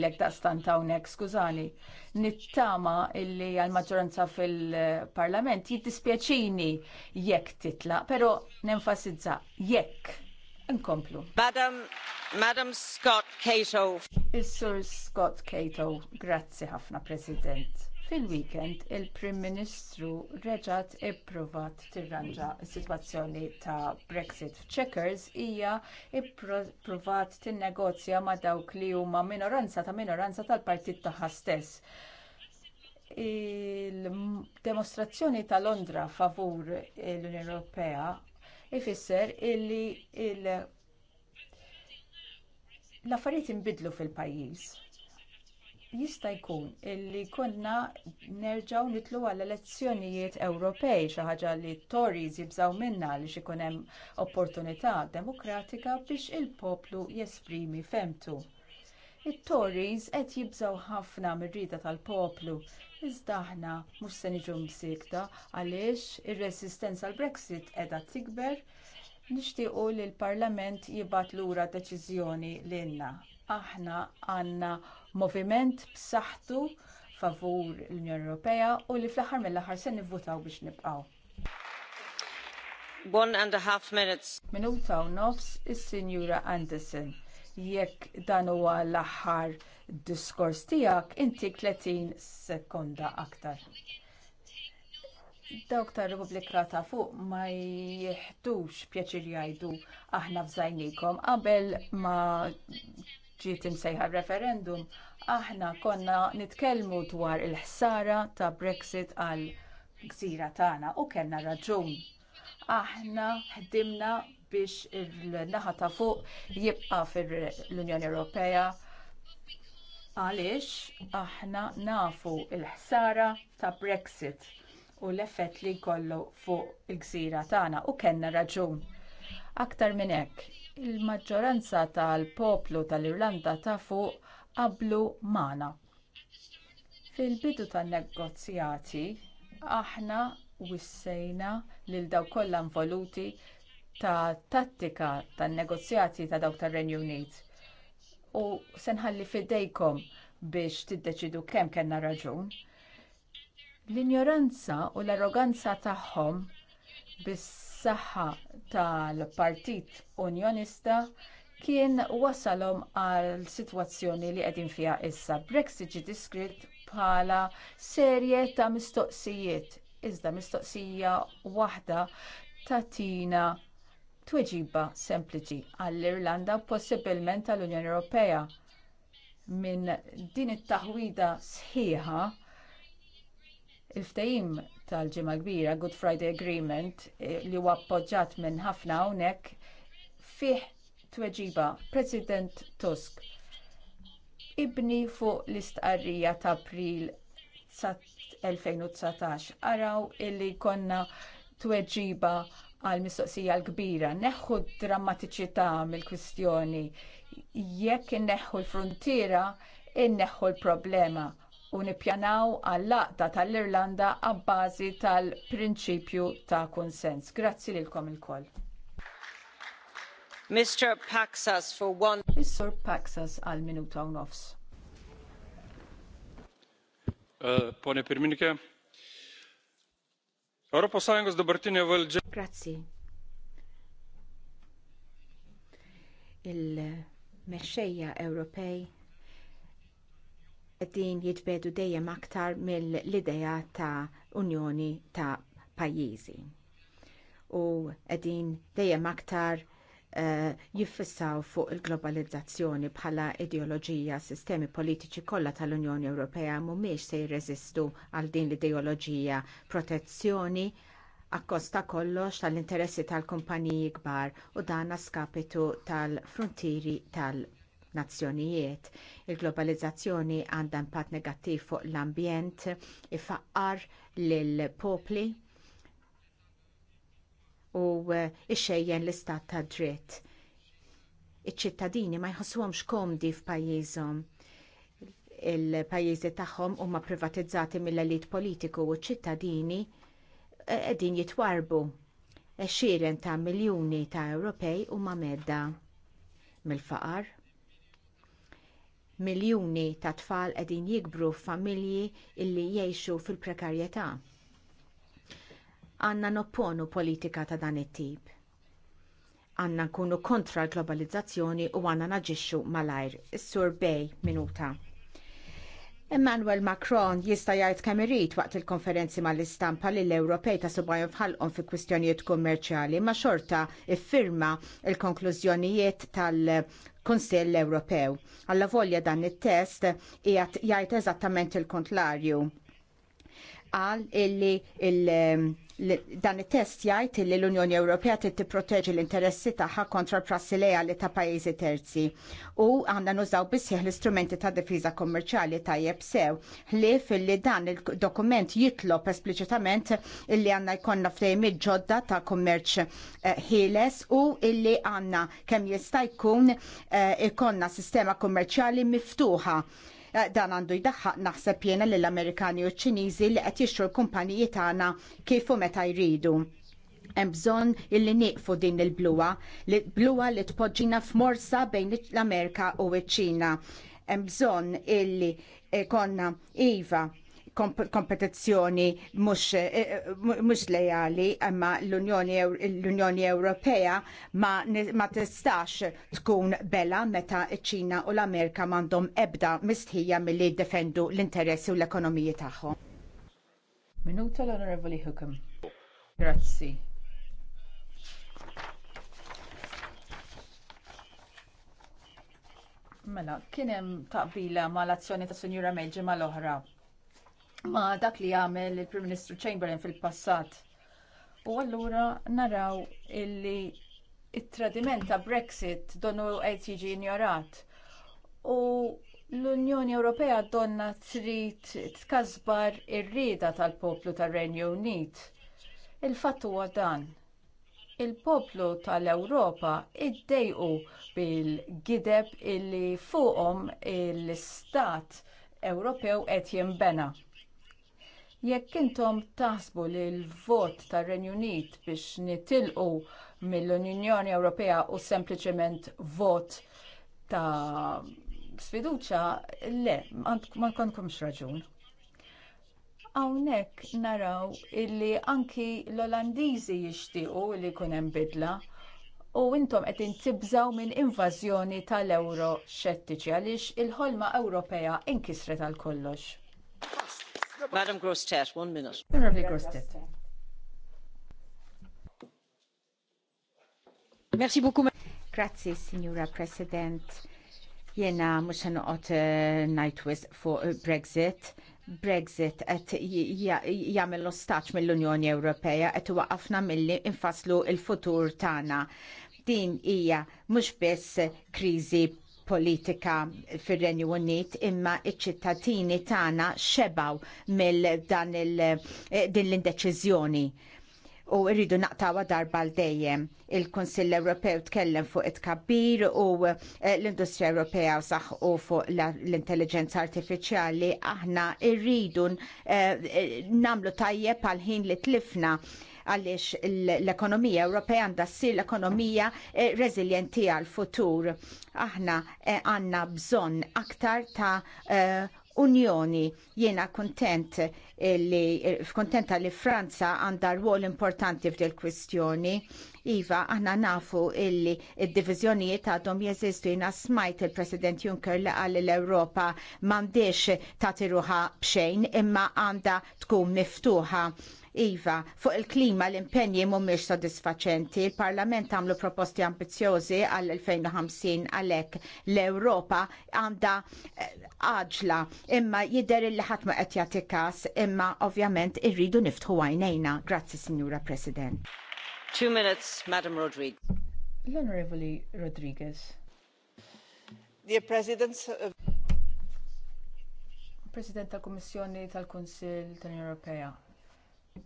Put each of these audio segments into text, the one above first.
l-ek daqstan skużani. Nittama illi għal-maġġoranza fil-parlament jittispieċini jekk titla, pero nenfasizza jekk. Nkomplu. Madam, Madam Scott Cato. Is-Sur Scott Cato, grazzi ħafna, President. Fil-weekend il-Prim Ministru reġat ipprovat tirranġa s-sitwazzjoni ta' Brexit f'Checkers hija ipprovat tinnegozja ma' dawk li huma minoranza ta' minoranza tal-partit tagħha stess il-demostrazzjoni ta' Londra favur l-Unjoni Ewropea ifisser illi l-affarijiet inbidlu fil-pajjiż jista' jkun illi konna nerġgħu nitlu għal elezzjonijiet Ewropej xi ħaġa li t Tories jibżgħu minnha li ikun hemm opportunità demokratika biex il-poplu jesprimi femtu. It-Tories qed jibżgħu ħafna mir-rida tal-poplu iżda aħna mhux se niġu msikta għaliex ir-resistenza għall brexit qiegħda tikber nixtiequ li l-Parlament jibgħat lura deċiżjoni lilna aħna għandna moviment b'saħħtu favur l-Unjoni Ewropea u li fl-aħħar mill-aħħar se nivvutaw biex nibqgħu. One and a half minutes. Minuta u nofs is-Sinjura Anderson. Jekk dan huwa l-aħħar diskors tiegħek inti 30 sekonda aktar. Dawk tar Repubblika ta' fuq ma jieħdux pjaċir jgħidu aħna f'żajnikom qabel ma ġiet imsejħa referendum, aħna konna nitkellmu dwar il-ħsara ta' Brexit għal gżira tagħna u kellna raġun. Aħna ħdimna biex il-naħa ta' fuq jibqa' fil-Unjoni Ewropea għaliex aħna nafu l ħsara ta' Brexit u l-effett li jkollu fuq il-gżira tagħna u kellna raġun. Aktar minn hekk, il-maġġoranza tal-poplu tal-Irlanda tafu qablu magħna. Fil-bidu tan-negozjati aħna wissejna lil dawk kollha involuti ta' tattika tan-negozjati ta' dawk tar-Renju Unit. U se nħalli fidejkom biex tiddeċidu kemm kellna raġun. L-injoranza u l-arroganza tagħhom biss saħħa tal-Partit Unjonista kien wasalhom għal sitwazzjoni li qegħdin fiha issa. Brexit ġie diskrit bħala serje ta' mistoqsijiet. Iżda mistoqsija waħda tatina tweġiba sempliċi għall-Irlanda u possibilment għall-Unjoni Ewropea minn din it-taħwida sħiħa Il-ftajim tal-ġimma kbira, Good Friday Agreement, eh, li huwa appoġġjat minn ħafna hawnhekk fih tweġiba President Tusk ibni fuq l-istqarrija ta' April 2019 araw illi konna tweġiba għal mistoqsija l-kbira, neħħu d-drammatiċità mill-kwistjoni, jekk neħħu l-frontiera, inneħħu l-problema u nippjanaw għall laqta tal-Irlanda għabbażi tal-prinċipju ta' kunsens. Grazzi lilkom ilkoll. Mr. Paxas for one. Paxas għal minuta nofs. Uh, Pone Pirminike, Europa Grazzi. Il-mexxejja Ewropej din jitbedu dejjem aktar mill-idea ta' unjoni ta' pajjiżi. U qegħdin dejjem aktar uh, jiffissaw fuq il-globalizzazzjoni bħala ideoloġija sistemi politiċi kollha tal-Unjoni Ewropea mhumiex se jirreżistu għal din l-ideoloġija protezzjoni akkosta kollox tal-interessi tal-kumpaniji kbar u dan a skapitu tal-frontieri tal tal nazzjonijiet. Il-globalizzazzjoni għandha impatt negattiv fuq l-ambjent, ifaqqar lill popli u ixxejjen l-istat ta' dritt. Iċ-ċittadini ma jħossuhomx komdi f'pajjiżhom il-pajjiżi tagħhom huma privatizzati mill-elit politiku u ċittadini eh, qegħdin jitwarbu. xiren ta' miljuni ta' Ewropej huma medda mill-faqar Miljuni ta' tfal qegħdin jikbru f'familji illi jgħixu fil-prekarjetà. Għandna nopponu politika ta' dan it-tip. Għandna nkunu kontra l-globalizzazzjoni u għandna naġixxu malajr. Is-Sur Bej minuta. Emmanuel Macron jista' jgħid kemm irid waqt il-konferenzi mal-istampa li l-Ewropej ta' subajn fħalqhom fi kwistjonijiet kummerċjali ma' xorta iffirma l konklużjonijiet tal Kunsill Ewropew. Alla volja dan it-test jgħid eżattament il-kontlarju. għal illi il- dan it-test jgħid li l-Unjoni Ewropea trid tipproteġi l-interessi tagħha kontra prassi lejali ta' pajjiżi terzi u għandna nużaw bisseħ l-istrumenti ta' difiża kommerċjali tajjeb sew li fil-li dan il-dokument jitlob espliċitament illi għandna jkollna ftehimiet ġodda ta' kommerċ eh, ħieles u illi għandna kemm jista' jkun eh, ikonna sistema kummerċjali miftuħa Eh, dan għandu jdaħħaq naħseb jena l-Amerikani u ċinizi ċiniżi li qed jixru l-kumpaniji tagħna kif u meta jridu. Hemm bżonn illi nieqfu din il-bluwa, li bluwa li tpoġġina f'morsa bejn l-Amerika u ċ-Ċina. Hemm bżonn illi eh, konna iva kompetizzjoni eh, eh, mhux lejali imma l-Unjoni Ewropea ma, ma tistax tkun bela meta ċ-Ċina u l-Amerika m'għandhom ebda mistħija milli jiddefendu l-interessi u l-ekonomiji tagħhom. Minuta l-Onorevoli Hukum. Grazzi. Mela, kien hemm ma mal azzjoni ta' Sinjura Meġi l oħra ma dak li għamel il-Prim Ministru Chamberlain fil-passat. U allura naraw illi il tradiment ta' Brexit donu qed jiġi ignorat. U l-Unjoni Ewropea donna trid tkasbar ir-rieda tal-poplu tar-Renju Unit. Il-fatt huwa dan. Il-poplu tal-Ewropa iddejqu bil-gideb illi fuqhom l-istat Ewropew qed jinbena. Jekk intom taħsbu li l-vot tar renju Unit biex nitilqu mill-Unjoni Ewropea u sempliċement vot ta' sfiduċa, le, ma konkomx raġun. Hawnhekk naraw illi anki l-Olandiżi jixtiequ li jkun hemm bidla u intom qed intibżaw minn invażjoni tal-Euro xettiċi għaliex il-ħolma Ewropea inkisret għal kollox. Madam Grostet, one minute. Honorable Merci beaucoup. Grazie, Signora President. Jena mux għanqot uh, eh, najtwis fuq eh, Brexit. Brexit qed jagħmel l-ostaċ mill-Unjoni Ewropea qed waqafna milli infaslu il-futur tagħna. Din hija mhux biss kriżi politika fir-Renju Unit imma iċ-ċittadini tagħna xebaw mill dan eh, din l-indeċiżjoni u rridu naqtawa darba l dejjem il-Konsill Ewropew tkellem fuq it-kabbir u eh, l-Industrija Ewropea u saħ u fuq l-intelligenza artifiċjali aħna rridu eh, namlu tajjeb għal ħin li tlifna għaliex l-ekonomija Ewropea għandha ssir l-ekonomija eh, rezilienti għal futur. Aħna eh, għandna bżonn aktar ta' eh, Unjoni jiena kontent li kontenta li Franza għandha rwol importanti f'dil kwistjoni. Iva, aħna nafu illi id-divizjonijiet għadhom jeżistu jiena smajt il-President Juncker li qal l-Ewropa m'għandix tagħti ruħha b'xejn imma għandha tkun miftuħa Iva, fuq il-klima l-impenji mhumiex sodisfaċenti, il-Parlament għamlu proposti ambizjożi għal-2050 għalhekk l-Ewropa għandha eh, għaġla imma jidher li ħadd ma qed jagħti każ imma ovvjament irridu niftħu għajnejna. Grazzi Signora President. Two minutes, Madam Rodriguez. L-Onorevoli Rodriguez. Dear President, uh, President tal-Kummissjoni tal kunsil tal-Ewropea,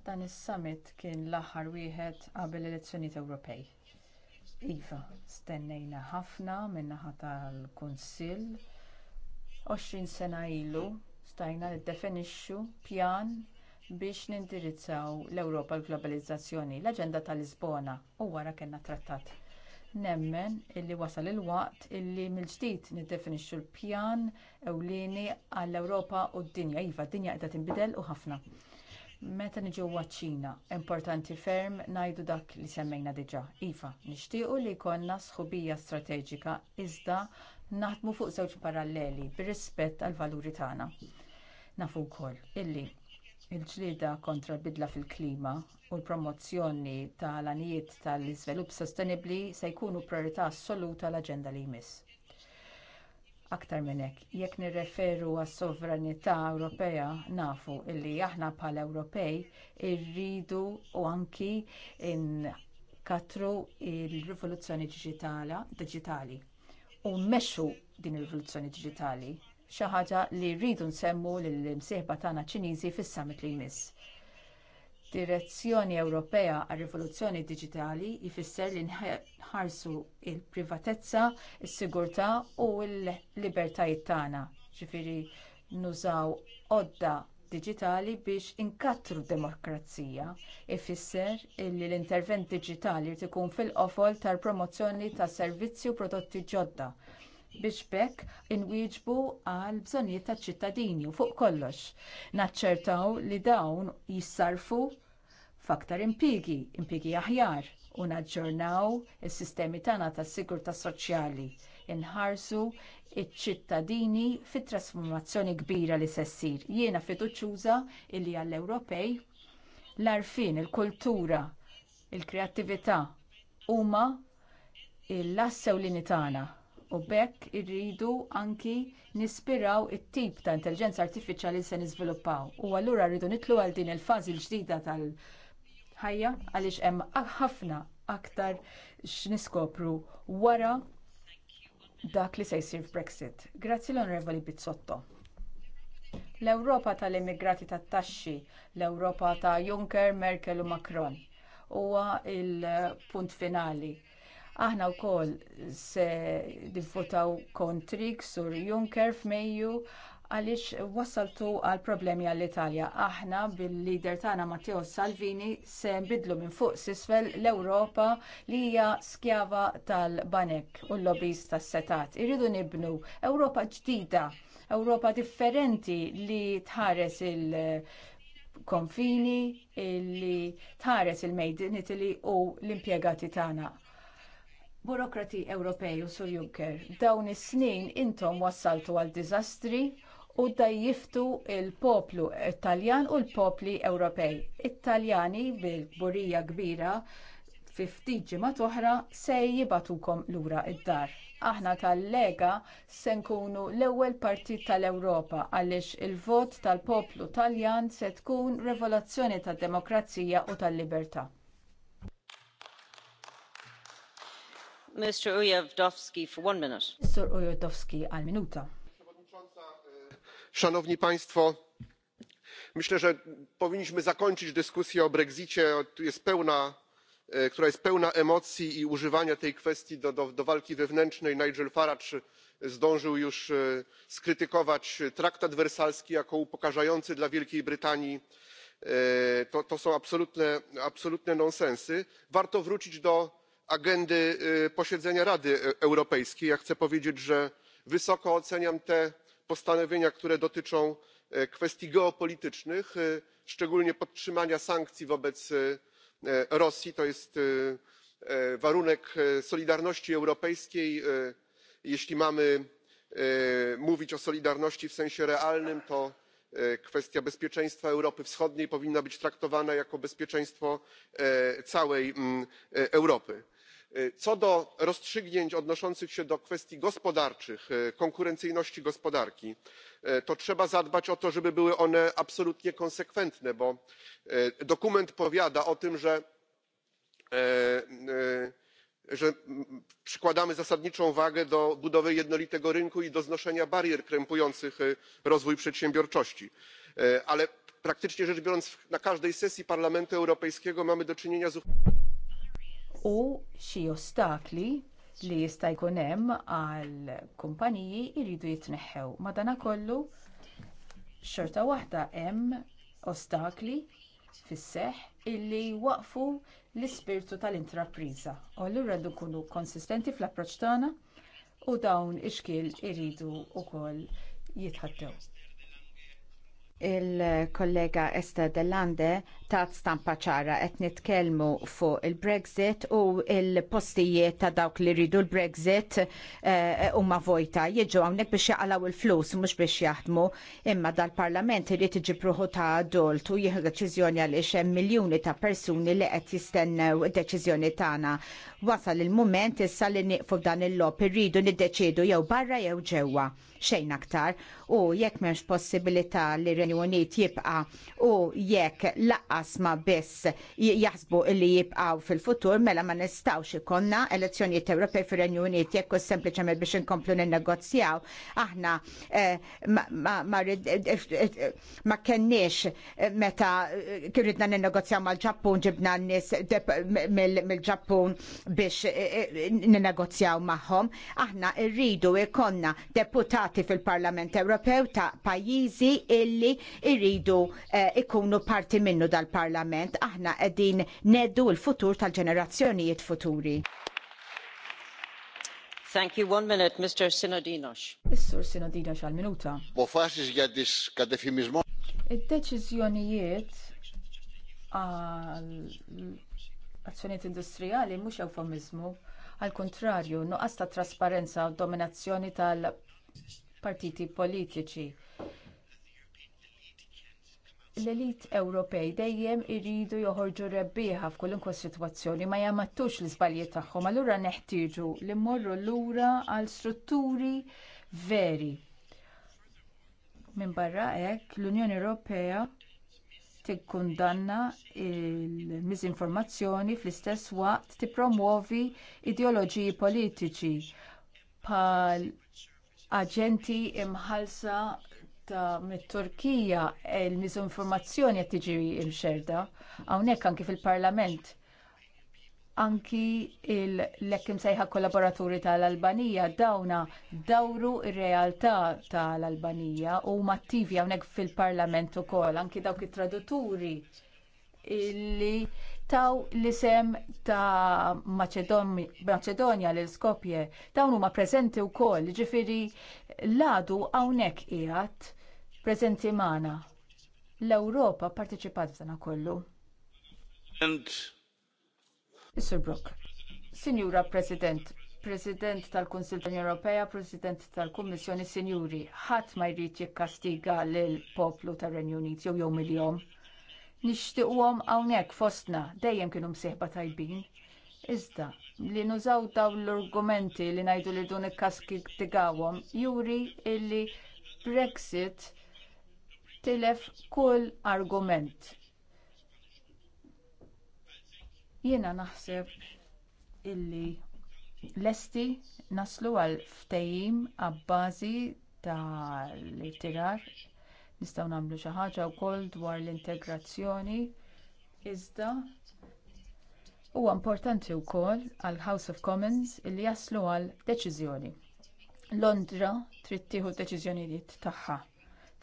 Dan is-summit kien l-aħħar wieħed qabel l elezzjonijiet Ewropej. Iva, stennejna ħafna min-naħa tal-Kunsill. 20 sena ilu stajna niddefinixxu pjan biex nindirizzaw l-Ewropa l-globalizzazzjoni, l-Aġenda tal-Lisbona u wara kellna trattat. Nemmen illi wasal il-waqt illi mill-ġdid niddefinixxu l-pjan ewlieni għall-Ewropa u d-dinja. Iva, d-dinja qiegħda tinbidel u ħafna. Meta niġu waċċina importanti ferm ngħidu dak li semmejna diġà. Iva, nixtiequ li jkollna sħubija strateġika iżda naħdmu fuq żewġ paralleli bir-rispett għall valuri tagħna. Nafu wkoll illi il-ġlieda kontra l-bidla fil-klima u l-promozzjoni tal-anijiet tal-iżvilupp sostenibbli se jkunu priorità assoluta l-aġenda li jmiss aktar minn hekk. Jekk nirreferu għas sovranità Ewropea nafu illi aħna bħala Ewropej irridu u anki katru il-rivoluzzjoni digitali u mmexxu din ir-rivoluzzjoni diġitali xi ħaġa li rridu nsemmu lill-imsieħba tagħna Ċiniżi fis-summit li jmiss direzzjoni Ewropea għar rivoluzzjoni Diġitali jfisser li nħarsu l privatezza is-sigurtà u l-libertajiet tagħna. Ġifieri nużaw għodda diġitali biex inkattru d demokrazija. Ifisser li l-intervent diġitali jrid ikun fil-qofol tal-promozzjoni ta' servizzi u prodotti ġodda biex bekk inwieġbu għal bżonnijiet taċ ċittadini u fuq kollox. Naċċertaw li dawn jissarfu f'aktar impigi, impigi aħjar, u naġġornaw is-sistemi tagħna tas-sigurtà soċjali, inħarsu iċ-ċittadini fit-trasformazzjoni kbira li se ssir. Jiena fiduċjuża li għall-Ewropej l għarfien il-kultura, il-kreattività huma l-assew li tagħna u bekk irridu anki nispiraw it-tip ta' intelligenza artifiċjali se niżviluppaw. U allura rridu nitlu għal din il-fażi l-ġdida tal- ħajja għaliex hemm ħafna aktar x'niskopru wara dak li se jsir f'Brexit. Grazzi l-Onorevoli Bizzotto. L-Ewropa tal-immigrati tat-taxxi, l-Ewropa ta' Juncker, Merkel u Macron huwa il-punt finali. Aħna wkoll se divvotaw kontrik sur Juncker f'Mejju għaliex wassaltu għal problemi għall-Italja. Aħna bil-lider tagħna Matteo Salvini se nbidlu minn fuq sisfel l-Ewropa li hija skjava tal-banek u l-lobbies tas-setat. Irridu nibnu Ewropa ġdida, Ewropa differenti li tħares il- konfini li tħares il-Made in Italy u l-impjegati tagħna burokrati Ewropej u Sur Juncker, dawn is-snin intom wassaltu għal diżastri u jiftu l poplu Italjan u l-popli Ewropej. It-Taljani bil-burija kbira fi ftit ġimgħat se jibatukom lura id-dar aħna tal-Lega se nkunu l-ewwel partit tal-Ewropa għaliex il-vot tal-poplu Taljan se tkun revolazzjoni tad-demokrazija u tal-libertà. Mr. Ujevdowski for one minute. Mr. Ujevdowski għal minuta szanowni państwo! myślę że powinniśmy zakończyć dyskusję o brexicie e, która jest pełna emocji i używania tej kwestii do walki wewnętrznej. nigel farage zdążył już e, skrytykować traktat wersalski jako upokarzający dla wielkiej brytanii. E, to są absolutne nonsensy. warto wrócić do agendy posiedzenia rady europejskiej. ja chcę powiedzieć że wysoko oceniam postanowienia które dotyczą e, kwestii geopolitycznych e, szczególnie podtrzymania sankcji wobec e, rosji to jest warunek solidarności europejskiej. jeśli mamy mówić o solidarności w sensie realnym to kwestia bezpieczeństwa europy wschodniej powinna być traktowana jako bezpieczeństwo całej mm, europy. E, co do rozstrzygnięć odnoszących się do kwestii gospodarczych e, konkurencyjności gospodarki e, to trzeba zadbać o to żeby były one absolutnie konsekwentne bo dokument powiada o tym że przykładamy zasadniczą wagę do budowy jednolitego rynku i do znoszenia barier krępujących rozwój przedsiębiorczości ale praktycznie rzecz biorąc na każdej sesji parlamentu europejskiego mamy do czynienia z u xi ostakli li jista' jkun hemm għal kumpaniji jridu jitneħħew. Madanakollu xorta waħda hemm ostakli fis-seħħ illi waqfu l-ispirtu tal-intrapriża. U allura rridu nkunu konsistenti fl-approċċ tagħna u dawn ix-xkiel iridu wkoll jitħaddew il-kollega Esther Delande ta' stampa ċara qed nitkellmu fuq il-Brexit u il-postijiet ta' dawk li ridu l-Brexit eh, huma uh, vojta jiġu hawnhekk biex jaqalaw il-flus mhux biex jaħdmu imma dal-Parlament irid pruħu ta' adult u jieħu deċiżjoni għaliex hemm miljuni ta' persuni li qed jistennew id-deċiżjoni tagħna. Wasal il-mument issa li nieqfu dan il-lob irridu niddeċiedu jew barra jew ġewwa xejn aktar u jekk m'hemmx possibilità li r-Renju Unit jibqa' u jekk laqqas ma biss jaħsbu li jibqaw fil-futur mela ma nistgħux ikonna elezzjonijiet Ewropej fir-Renju Unit jekk u sempliċement biex inkomplu ninnegozjaw aħna eh, eh, eh, ma kenniex meta kien ridna ninnegozjaw mal-Ġappun ġibna n-nies mill-Ġappun biex ninnegozjaw magħhom aħna rridu ikonna deputati fil-Parlament Ewropej Ewropew ta' pajjiżi illi irridu eh, ikunu parti minnu dal-Parlament. Aħna qegħdin neddu l-futur tal-ġenerazzjonijiet futuri. Thank you. One minute, Mr. Sinodinos. Mr. Sinodinos għal-minuta. Bofasis għaddis kadefimizmo. il deċizjonijiet għal azzjoniet industrijali mux eufemizmu, għal kontrarju, nuqqas ta' trasparenza u dominazzjoni tal partiti politiċi. L-elit Ewropej dejjem iridu joħorġu rebbieħa f'kolunkwa sitwazzjoni ma jamattux l-iżbalji tagħhom, allura neħtieġu li mmorru lura għal strutturi veri. Minn barra hekk l-Unjoni Ewropea tikkundanna l miżinformazzjoni fl-istess waqt tippromuovi ideoloġiji politiċi bħal aġenti imħalsa ta' mit-Turkija il-miżinformazzjoni qed tiġi mxerda hawnhekk anki fil-Parlament. Anki l-lekkim sejħa kollaboraturi tal-Albanija dawna dawru r-realtà tal-Albanija u mattivi hawnhekk fil-Parlament ukoll anki dawk it-traduturi illi taw l-isem ta' Maċedonja l skopje dawn huma preżenti wkoll, ġifiri l-għadu hawnhekk qiegħed prezenti magħna. L-Ewropa partiċipat f'dan kollu. And... Mr. Brook, Sinjura President, President tal konsil tal Ewropea, President tal-Kummissjoni Sinjuri, ħadd ma jrid jikkastiga lill poplu tar-Renju Unit jew jew miljom nixtiequhom hawnhekk fostna dejjem kienu msieħba tajbin. Iżda, li nużaw dawn l-argumenti li ngħidu li dun ikkaski tigawhom juri illi Brexit tilef kull argument. Jiena naħseb illi lesti naslu għal ftehim għabbażi tal-ittirar Nistgħu nagħmlu xi ħaġa wkoll dwar l-integrazzjoni iżda huwa importanti wkoll għall House of Commons li jaslu għal deċiżjoni. Londra trid tieħu deċiżjonijiet tagħha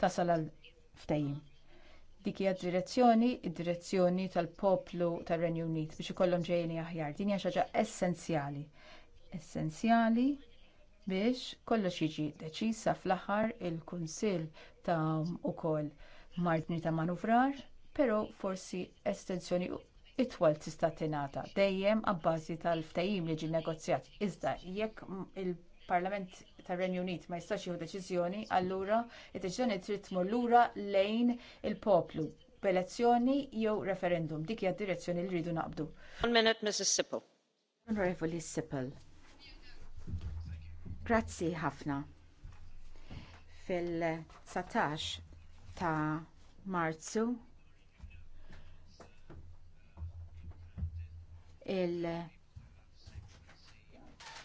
tasal għal ftehim dik hija direzzjoni, id-direzzjoni tal-poplu tar-Renju Unit biex ikollhom ġejjeni aħjar. Din hija xi ħaġa essenzjali. Essenzjali biex kollox jiġi deċisa fl-aħħar il-Kunsill ta' ukoll martni ta' manuvrar, però forsi estensjoni itwal tista' tingħata dejjem abbażi tal-ftehim li ġie negozjat. Iżda jekk il-Parlament tar-Renju Unit ma jistax jieħu deċiżjoni, allura id-deċiżjoni trid tmur lura lejn il-poplu b'elezzjoni jew referendum. Dik hija d-direzzjoni li rridu naqbdu. One minute, Mrs. Sippel. Honorable Sippel. Grazzi ħafna. Fil-19 ta' Marzu il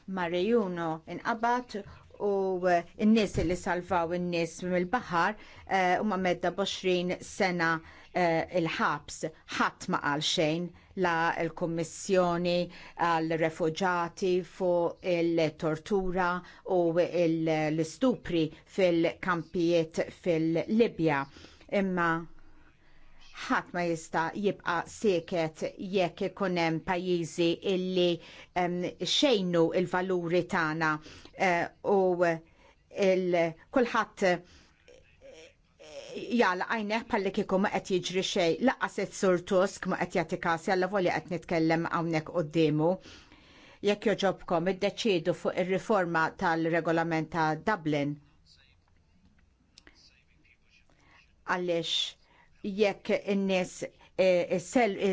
Marejuno inqabad u n-nies li salvaw in-nies mill-baħar eh, huma medda 20 sena eh, il-ħabs ħadd ma qal xejn la l-Kommissjoni għal refuġati fuq il-tortura u l-istupri fil-kampijiet fil-Libja. Imma ħadd ma jista' jibqa' seket jekk ikun hemm pajjiżi illi xejnu il-valuri tagħna eh, u il kulħadd jala għajneħ palli kiku ma qed jiġri xej, laqqa set sur Tusk ma qed jagħti jalla voli qed nitkellem hawnhekk demu Jekk joġobkom id-deċidu fuq ir-riforma tal-regolament ta' Dublin. Għaliex jekk in-nies eh,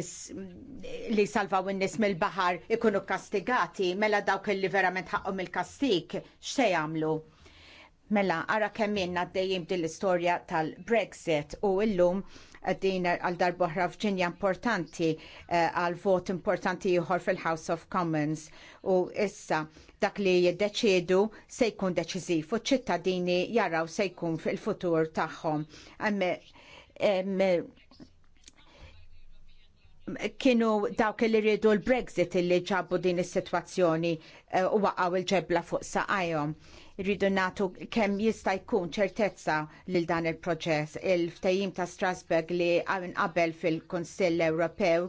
li salvaw in-nies mill-baħar ikunu kastigati mela dawk li verament ħaqhom il kastik x'se jagħmlu? Mela, ara kemmin għaddejjim din l-istorja tal-Brexit u illum din għal darboħra f'ġinja importanti eh, għal vot importanti jħor fil-House of Commons u issa dak li jiddeċiedu se jkun deċiżiv u ċittadini jaraw se jkun fil-futur tagħhom kienu dawk li rridu l-Brexit li ġabu din is-sitwazzjoni eh, u waqgħu il-ġebla fuq saqajhom. Rridu natu kemm jista' jkun ċertezza lil dan il-proċess. Il-ftehim ta' Strasbourg li qabel fil-Kunsill Ewropew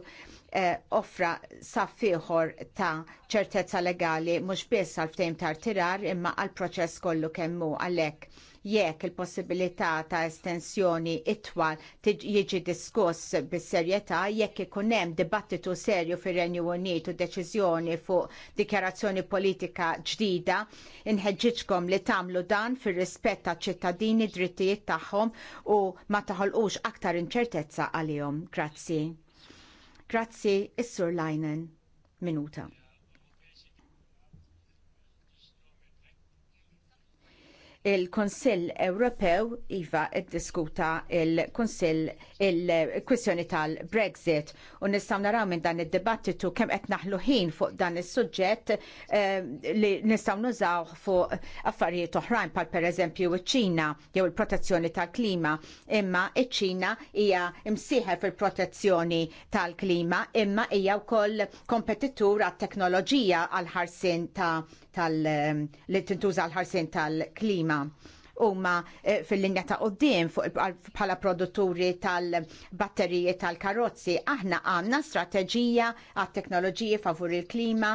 eh, offra saffiħor ta' ċertezza legali mhux biss għal ftehim ta' tirar imma għal proċess kollu kemm hu għalhekk jekk il-possibilità ta' estensjoni itwal jiġi diskuss bis-serjetà jekk ikun hemm dibattitu serju fir-Renju Unit u deċiżjoni fuq dikjarazzjoni politika ġdida, inħeġġiġkom li tagħmlu dan fir-rispett ta' ċittadini drittijiet tagħhom u ma taħolqux aktar inċertezza għalihom. Grazzi. Grazzi, Is-Sur Leinen. Minuta. il-Konsill Ewropew iva id-diskuta il-Konsill il-kwissjoni tal-Brexit u nistgħu naraw minn dan id-dibattitu kemm qed naħlu ħin fuq dan is-suġġett eh, li nistgħu nużaw fuq affarijiet oħrajn bħal pereżempju iċ-Ċina jew il-protezzjoni tal-klima imma iċ-Ċina hija msieħe fil-protezzjoni tal-klima imma hija wkoll kompetitur għat-teknoloġija għal ħarsien ta' tal ehm, li tintuża l-ħarsien tal-klima huma eh, fil-linja ta' qoddim bħala produtturi tal-batteriji tal-karozzi. Aħna għandna strateġija għat teknoloġiji favur il-klima,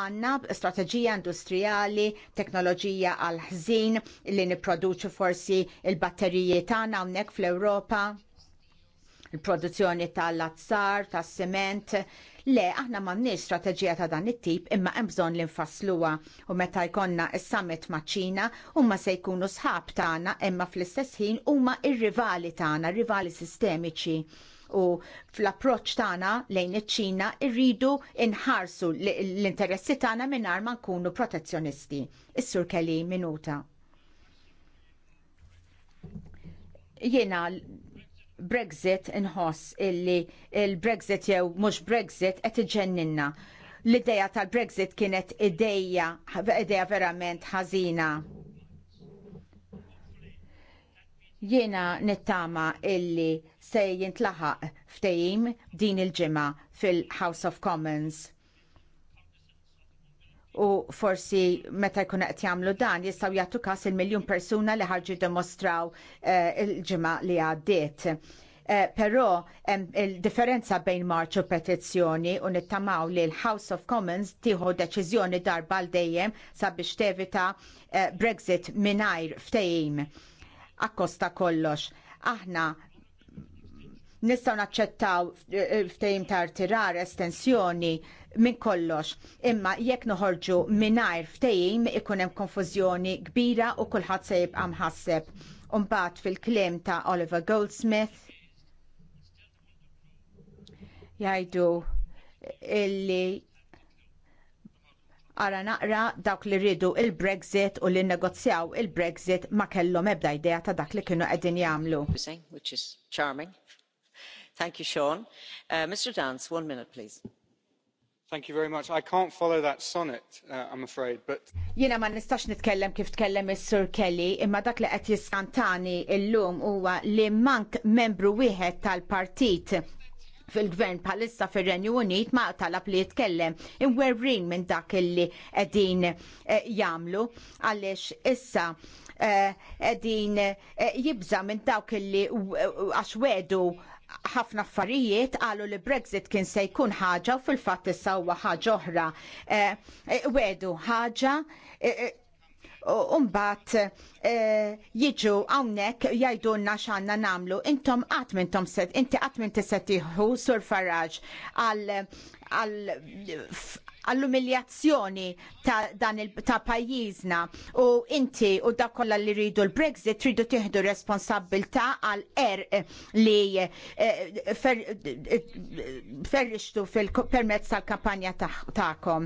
għandna strateġija industrijali, teknoloġija għal ħżin li nipproduċu forsi il-batteriji tagħna hawnhekk fl-Ewropa il-produzzjoni tal-azzar, tas-siment. Le, aħna m'għandniex strateġija ta' dan it-tip imma hemm bżonn li nfassluha u meta jkollna is-summit ma' Ċina huma se jkunu sħab tagħna imma fl-istess ħin huma ir-rivali tagħna, rivali sistemiċi u fl-approċ tagħna lejn iċ-Ċina rridu nħarsu l-interessi tagħna mingħajr ma nkunu protezzjonisti. Is-Sur Kelly minuta. Jiena Brexit inħoss illi il-Brexit jew mhux Brexit qed iġenninna. L-ideja tal-Brexit kienet ideja, ideja verament ħażina. Jiena nittama illi se jintlaħaq ftehim din il-ġimgħa fil-House of Commons u forsi meta jkun qed jagħmlu dan jistgħu jagħtu każ il-miljun persuna li ħarġu demostraw eh, il-ġimgħa li għaddiet. Eh, però il-differenza bejn marċ u petizzjoni u nittamaw li l-House of Commons tieħu deċiżjoni darba l dejjem sabiex tevita eh, Brexit mingħajr ftehim. Akkosta kollox. Aħna Nistgħu naċċettaw ftehim ta' tirar estensjoni minn kollox. Imma jekk noħorġu mingħajr ftehim ikun hemm konfużjoni kbira u kulħadd se jibqa' mħasseb. Umbagħad fil-kliem ta' Oliver Goldsmith jgħidu illi ara naqra dawk li rridu il-Brexit u li negozjaw il-Brexit ma kellhom ebda idea ta' dak li kienu qegħdin jagħmlu thank you sean. Uh, mr dance one minute please. Thank you very much. I can't follow that sonnet, uh, I'm afraid, but... Jiena ma nistax nitkellem kif tkellem is-Sur Kelly, imma dak li qed jiskantani illum huwa li mank membru wieħed tal-partit fil-gvern bħalissa fir renju Unit ma talab li jitkellem imwerrin minn dak illi qegħdin eh, jagħmlu għaliex issa eh, qegħdin eh, jibża minn dawk illi għax wedu ħafna affarijiet qalu li Brexit kien se jkun ħaġa u fil-fatt issawwa ħaġa oħra. Eh, eh, wedu ħaġa eh, Umbat jiġu għawnek jajdunna xanna namlu intom għat mintom set, inti għat min setiħu sur faraġ għal għall-umiljazzjoni ta' dan ta' pajjiżna u inti u dak kollha li rridu l-Brexit rridu tieħdu responsabilità għal erq li eh, ferrixtu fil-permezz tal-kampanja tagħkom.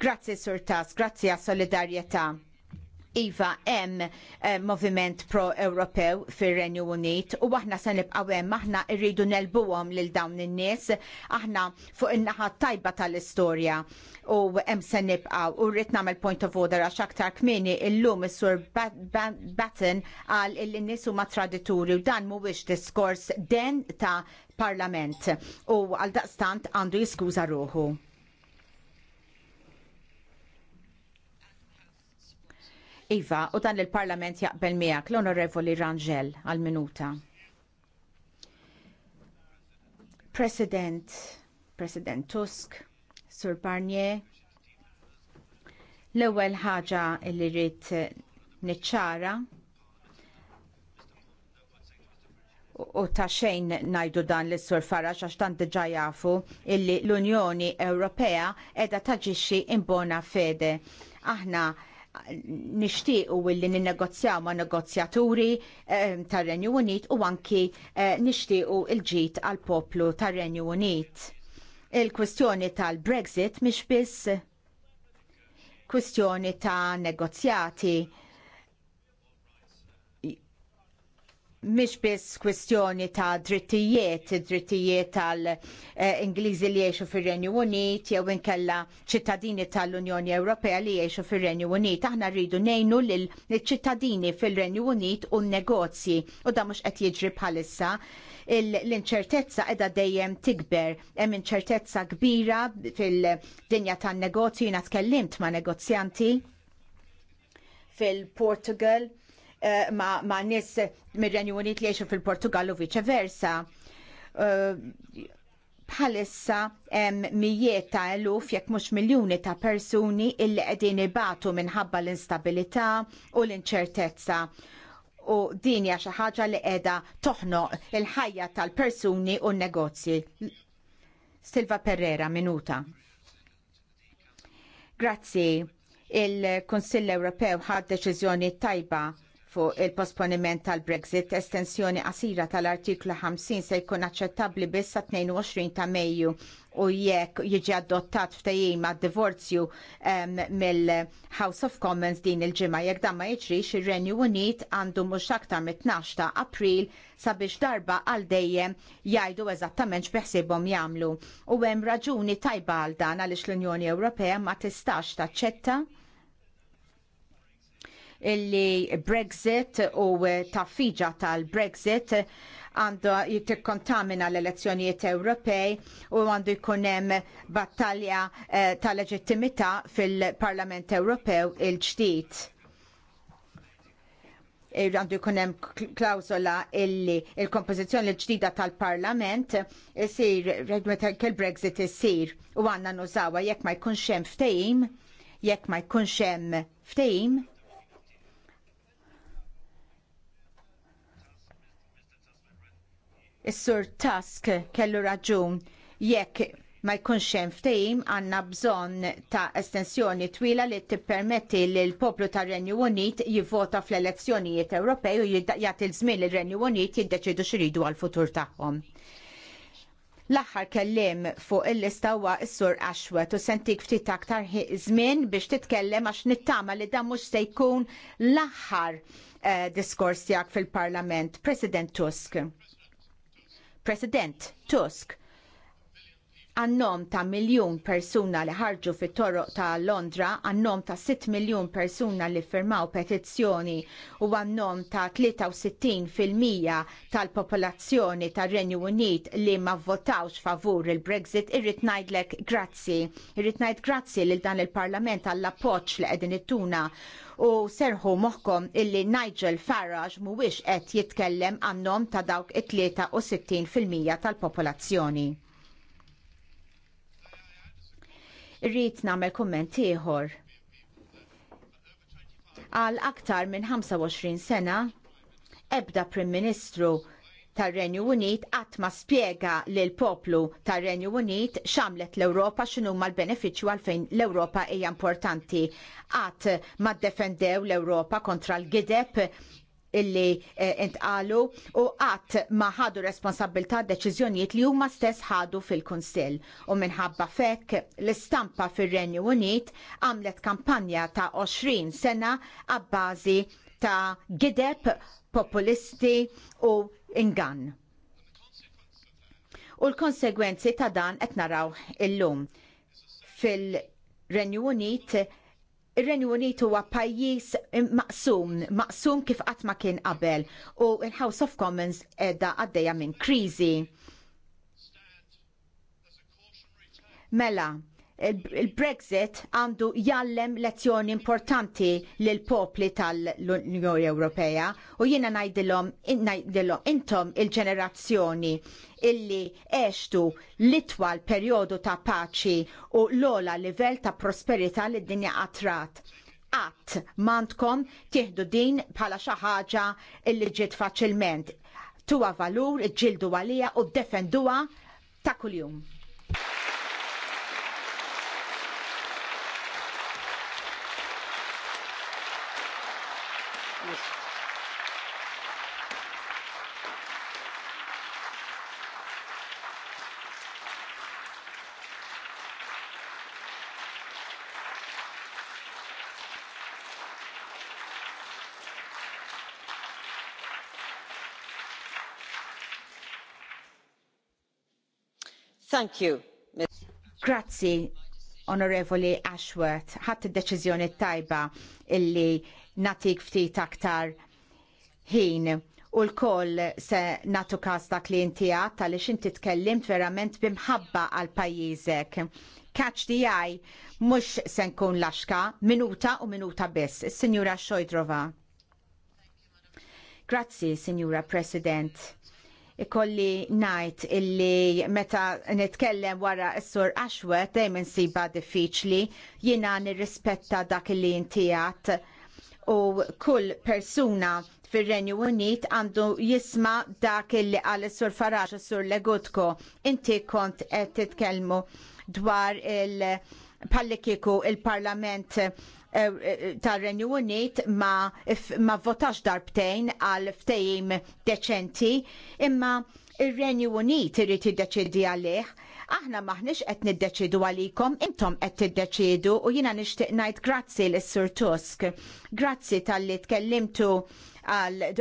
Grazzi Sur Tas, grazzi għas solidarjetà. Iva hemm eh, moviment pro-Ewropew fir-Renju Unit u aħna se nibqgħu hemm aħna rridu nelbuhom lil dawn in-nies aħna fuq in-naħa tajba tal-istorja u hemm se nibqaw u rrid nagħmel point of order għax aktar kmieni illum is-sur Batten għal il-nies huma tradituri u dan mhuwiex diskors den ta' parlament u għal daqstant għandu jiskuża ruħu. Iva, u dan il-Parlament jaqbel miegħek l-Onorevoli Rangel għal-minuta. President, President Tusk, Sur Barnier, l-ewwel ħaġa li rrid niċċara u ta' xejn najdu dan l sur Farax għax tant diġà jafu illi l-Unjoni Ewropea qiegħda taġixxi imbona fede. Aħna u illi ninnegozjaw ma' negozjaturi eh, tar-Renju Unit u anki eh, u il-ġit għal poplu tar-Renju Unit. Il-kwestjoni tal-Brexit mhix biss kwestjoni ta' negozjati Mhix biss kwestjoni ta' drittijiet, drittijiet tal-Ingliżi eh, li jiexu fir-Renju Unit, jew inkella ċittadini tal-Unjoni Ewropea li jgħixu fir-Renju Unit. Aħna rridu ngħinu lill-ċittadini fil-Renju Unit u n-negozji u da mhux qed jiġri bħalissa. L-inċertezza qiegħda dejjem tikber, hemm inċertezza kbira fil-dinja tan-negozji, jiena tkellimt ma' negozjanti fil-Portugal Eh, ma, ma nis mir-Renju Unit li jiexu fil u viċeversa. versa. Eh, bħalissa hemm mijiet ta' eluf jekk mhux miljuni ta' persuni illi qegħdin ibatu minħabba l-instabilità u l-inċertezza. U din hija xi ħaġa li qiegħda toħnoq il-ħajja tal-persuni u n-negozji. Silva Perrera, minuta. Grazzi. il kunsill Ewropew ħad deċiżjoni tajba fuq il-posponiment tal-Brexit, estensjoni qasira tal-artiklu 50 se jkun aċċettabbli biss sa 22 ta' Mejju u jekk jiġi adottat f'tejjim għad divorzju um, mill-House of Commons din il-ġimgħa jekk dan ma jiġrix ir-Renju Unit għandu mhux aktar mit-12 ta' April sabiex darba għal dejjem jgħidu eżattament x'beħsibhom jagħmlu. U hemm raġuni tajba għal dan għaliex l-Unjoni Ewropea ma tistax taċċetta illi Brexit u eh, taffiġa tal-Brexit għandu jittikkontamina l-elezzjonijiet Ewropej u għandu jkun hemm battalja eh, tal leġittimità fil-Parlament Ewropew il-ġdid għandu jkun hemm illi il-kompożizzjoni l-ġdida tal-Parlament isir kel Brexit jisir u għandna nużawha jekk ma jkunx hemm ftehim, jekk ma jkunx hemm ftehim Is-Sur Tusk kellu raġun jekk ma jkunx hemm ftehim għandna bżonn ta' estensjoni twila li tippermetti li l-poplu tar Renju Unit jivvota fl-elezzjonijiet Ewropej u jagħti l-żmien li renju Unit jiddeċidu x'iridu għall-futur tagħhom. L-aħħar kellim fuq il-lista huwa s-sur Ashwet u sentik ftit aktar żmien biex titkellem għax nittama li dan mhux se jkun l-aħħar eh, diskors tiegħek fil-Parlament. President Tusk. President Tusk għannom ta' miljun persuna li ħarġu fit toroq ta' Londra, għannom ta' 6 miljun persuna li firmaw petizzjoni u għannom ta' 63% tal-popolazzjoni ta' Renju Unit li ma' votawx favur il-Brexit, irrit najdlek grazzi. Irrit najd grazzi li dan il-Parlament għall-appoċ li għedin it-tuna u serħu moħkom illi Nigel Farage mhuwiex qed jitkellem għannom ta' dawk it-63% tal-popolazzjoni. Rrid nagħmel kumment ieħor. Għal aktar minn 25 sena ebda Prim Ministru tar-Renju Unit qatt ma spjega lil poplu tar-Renju Unit x'għamlet l-Ewropa x'inhu l benefiċċju għalfejn l-Ewropa hija importanti. Qatt ma ddefendew l-Ewropa kontra l-gideb illi eh, intqalu u qatt ma ħadu responsabilta deċiżjonijiet li huma stess ħadu fil-Kunsill. U minħabba fekk l-istampa fir-Renju Unit għamlet kampanja ta' 20 sena għabbażi ta' gideb populisti u ingan. U l-konsegwenzi ta' dan qed il illum fil-Renju Unit Ir-Renju Unit huwa pajjiż maqsum, maqsum kif qatt ma kien qabel u l-House of Commons edha għaddejja minn kriżi. Mela, il-Brexit għandu jallem lezzjoni importanti lil popli tal-Unjoni Ewropea u jiena najdilom, najdilom intom il-ġenerazzjoni illi eċtu l-itwal perjodu ta' paċi u l-ola livell ta' prosperità li dinja għatrat. Għat mandkom tieħdu din bħala xi ħaġa illi ġiet faċilment. Tuwa valur, ġildu għalija u defenduwa ta' kuljum. Thank you. Grazzi, Onorevoli Ashworth, ħadd id-deċiżjoni tajba illi natik ftit aktar ħin u l-koll se natu kas dak li inti għat tal inti tkellimt verament bimħabba għal pajizek. Catch the eye, mux se nkun laxka, minuta u minuta biss. Signora Xojdrova. Grazzi, Signora President ikolli najt illi meta nitkellem wara s-sur Ashwet dejjem insiba diffiċli jiena nirrispetta dak illi intijat u kull persuna fir-Renju Unit għandu jisma dak illi għal sur Faraġ sur Legutko. Inti kont qed titkellmu dwar il- pallikiku il-Parlament Eh, eh, tar-Renju Unit ma, ma votax darbtejn għal ftejim deċenti imma il renju Unit irid deċidi għalih. Aħna maħniex qed niddeċidu għalikom, intom qed tiddeċidu u jiena nixtieq ngħid grazzi lis sur Tusk. Grazzi tal-li tkellimtu għal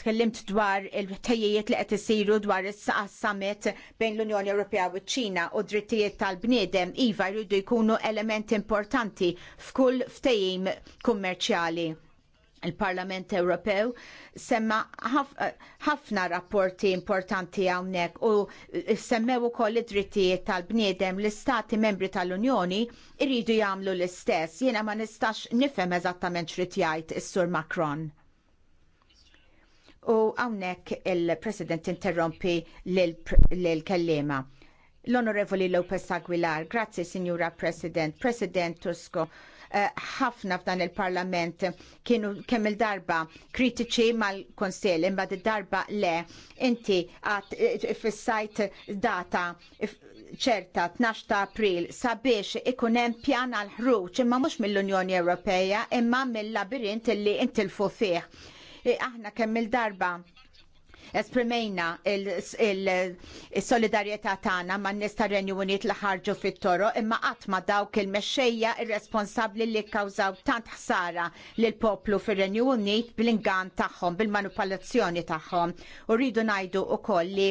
tkellimt dwar il-tejjiet li qed isiru dwar is-summit bejn l-Unjoni Ewropea u ċ-Ċina u drittijiet tal-bniedem iva jridu jkunu element importanti f'kull ftehim kummerċjali il-Parlament Ewropew semma ħafna rapporti importanti hawnhekk u semmew ukoll id-drittijiet tal-bniedem l-istati membri tal-Unjoni jridu jagħmlu l-istess. Jiena ma nistax nifhem eżattament x'rid jgħid is-Sur Macron. U għawnek il-President interrompi l-kellima. L-Onorevoli Lopez Aguilar, grazie Signora President, President Tusko, eh, ħafna f'dan il-Parlament kienu kemm il-darba kritiċi mal-Konsell, imma darba le, inti għat eh, fissajt data ċerta 12 ta' april sabiex ikun hemm pjan għal ħruġ imma mhux mill-Unjoni Ewropea imma mill-labirint li intilfu fih aħna kemm il-darba esprimejna il-solidarieta tagħna man nies tar-Renju Unit li ħarġu fit-toro imma qatt ma dawk il-mexxejja irresponsabbli li kkawżaw tant ħsara lil poplu fir-Renju Unit bl-ingan tagħhom, bil-manipolazzjoni tagħhom. U rridu ngħidu wkoll li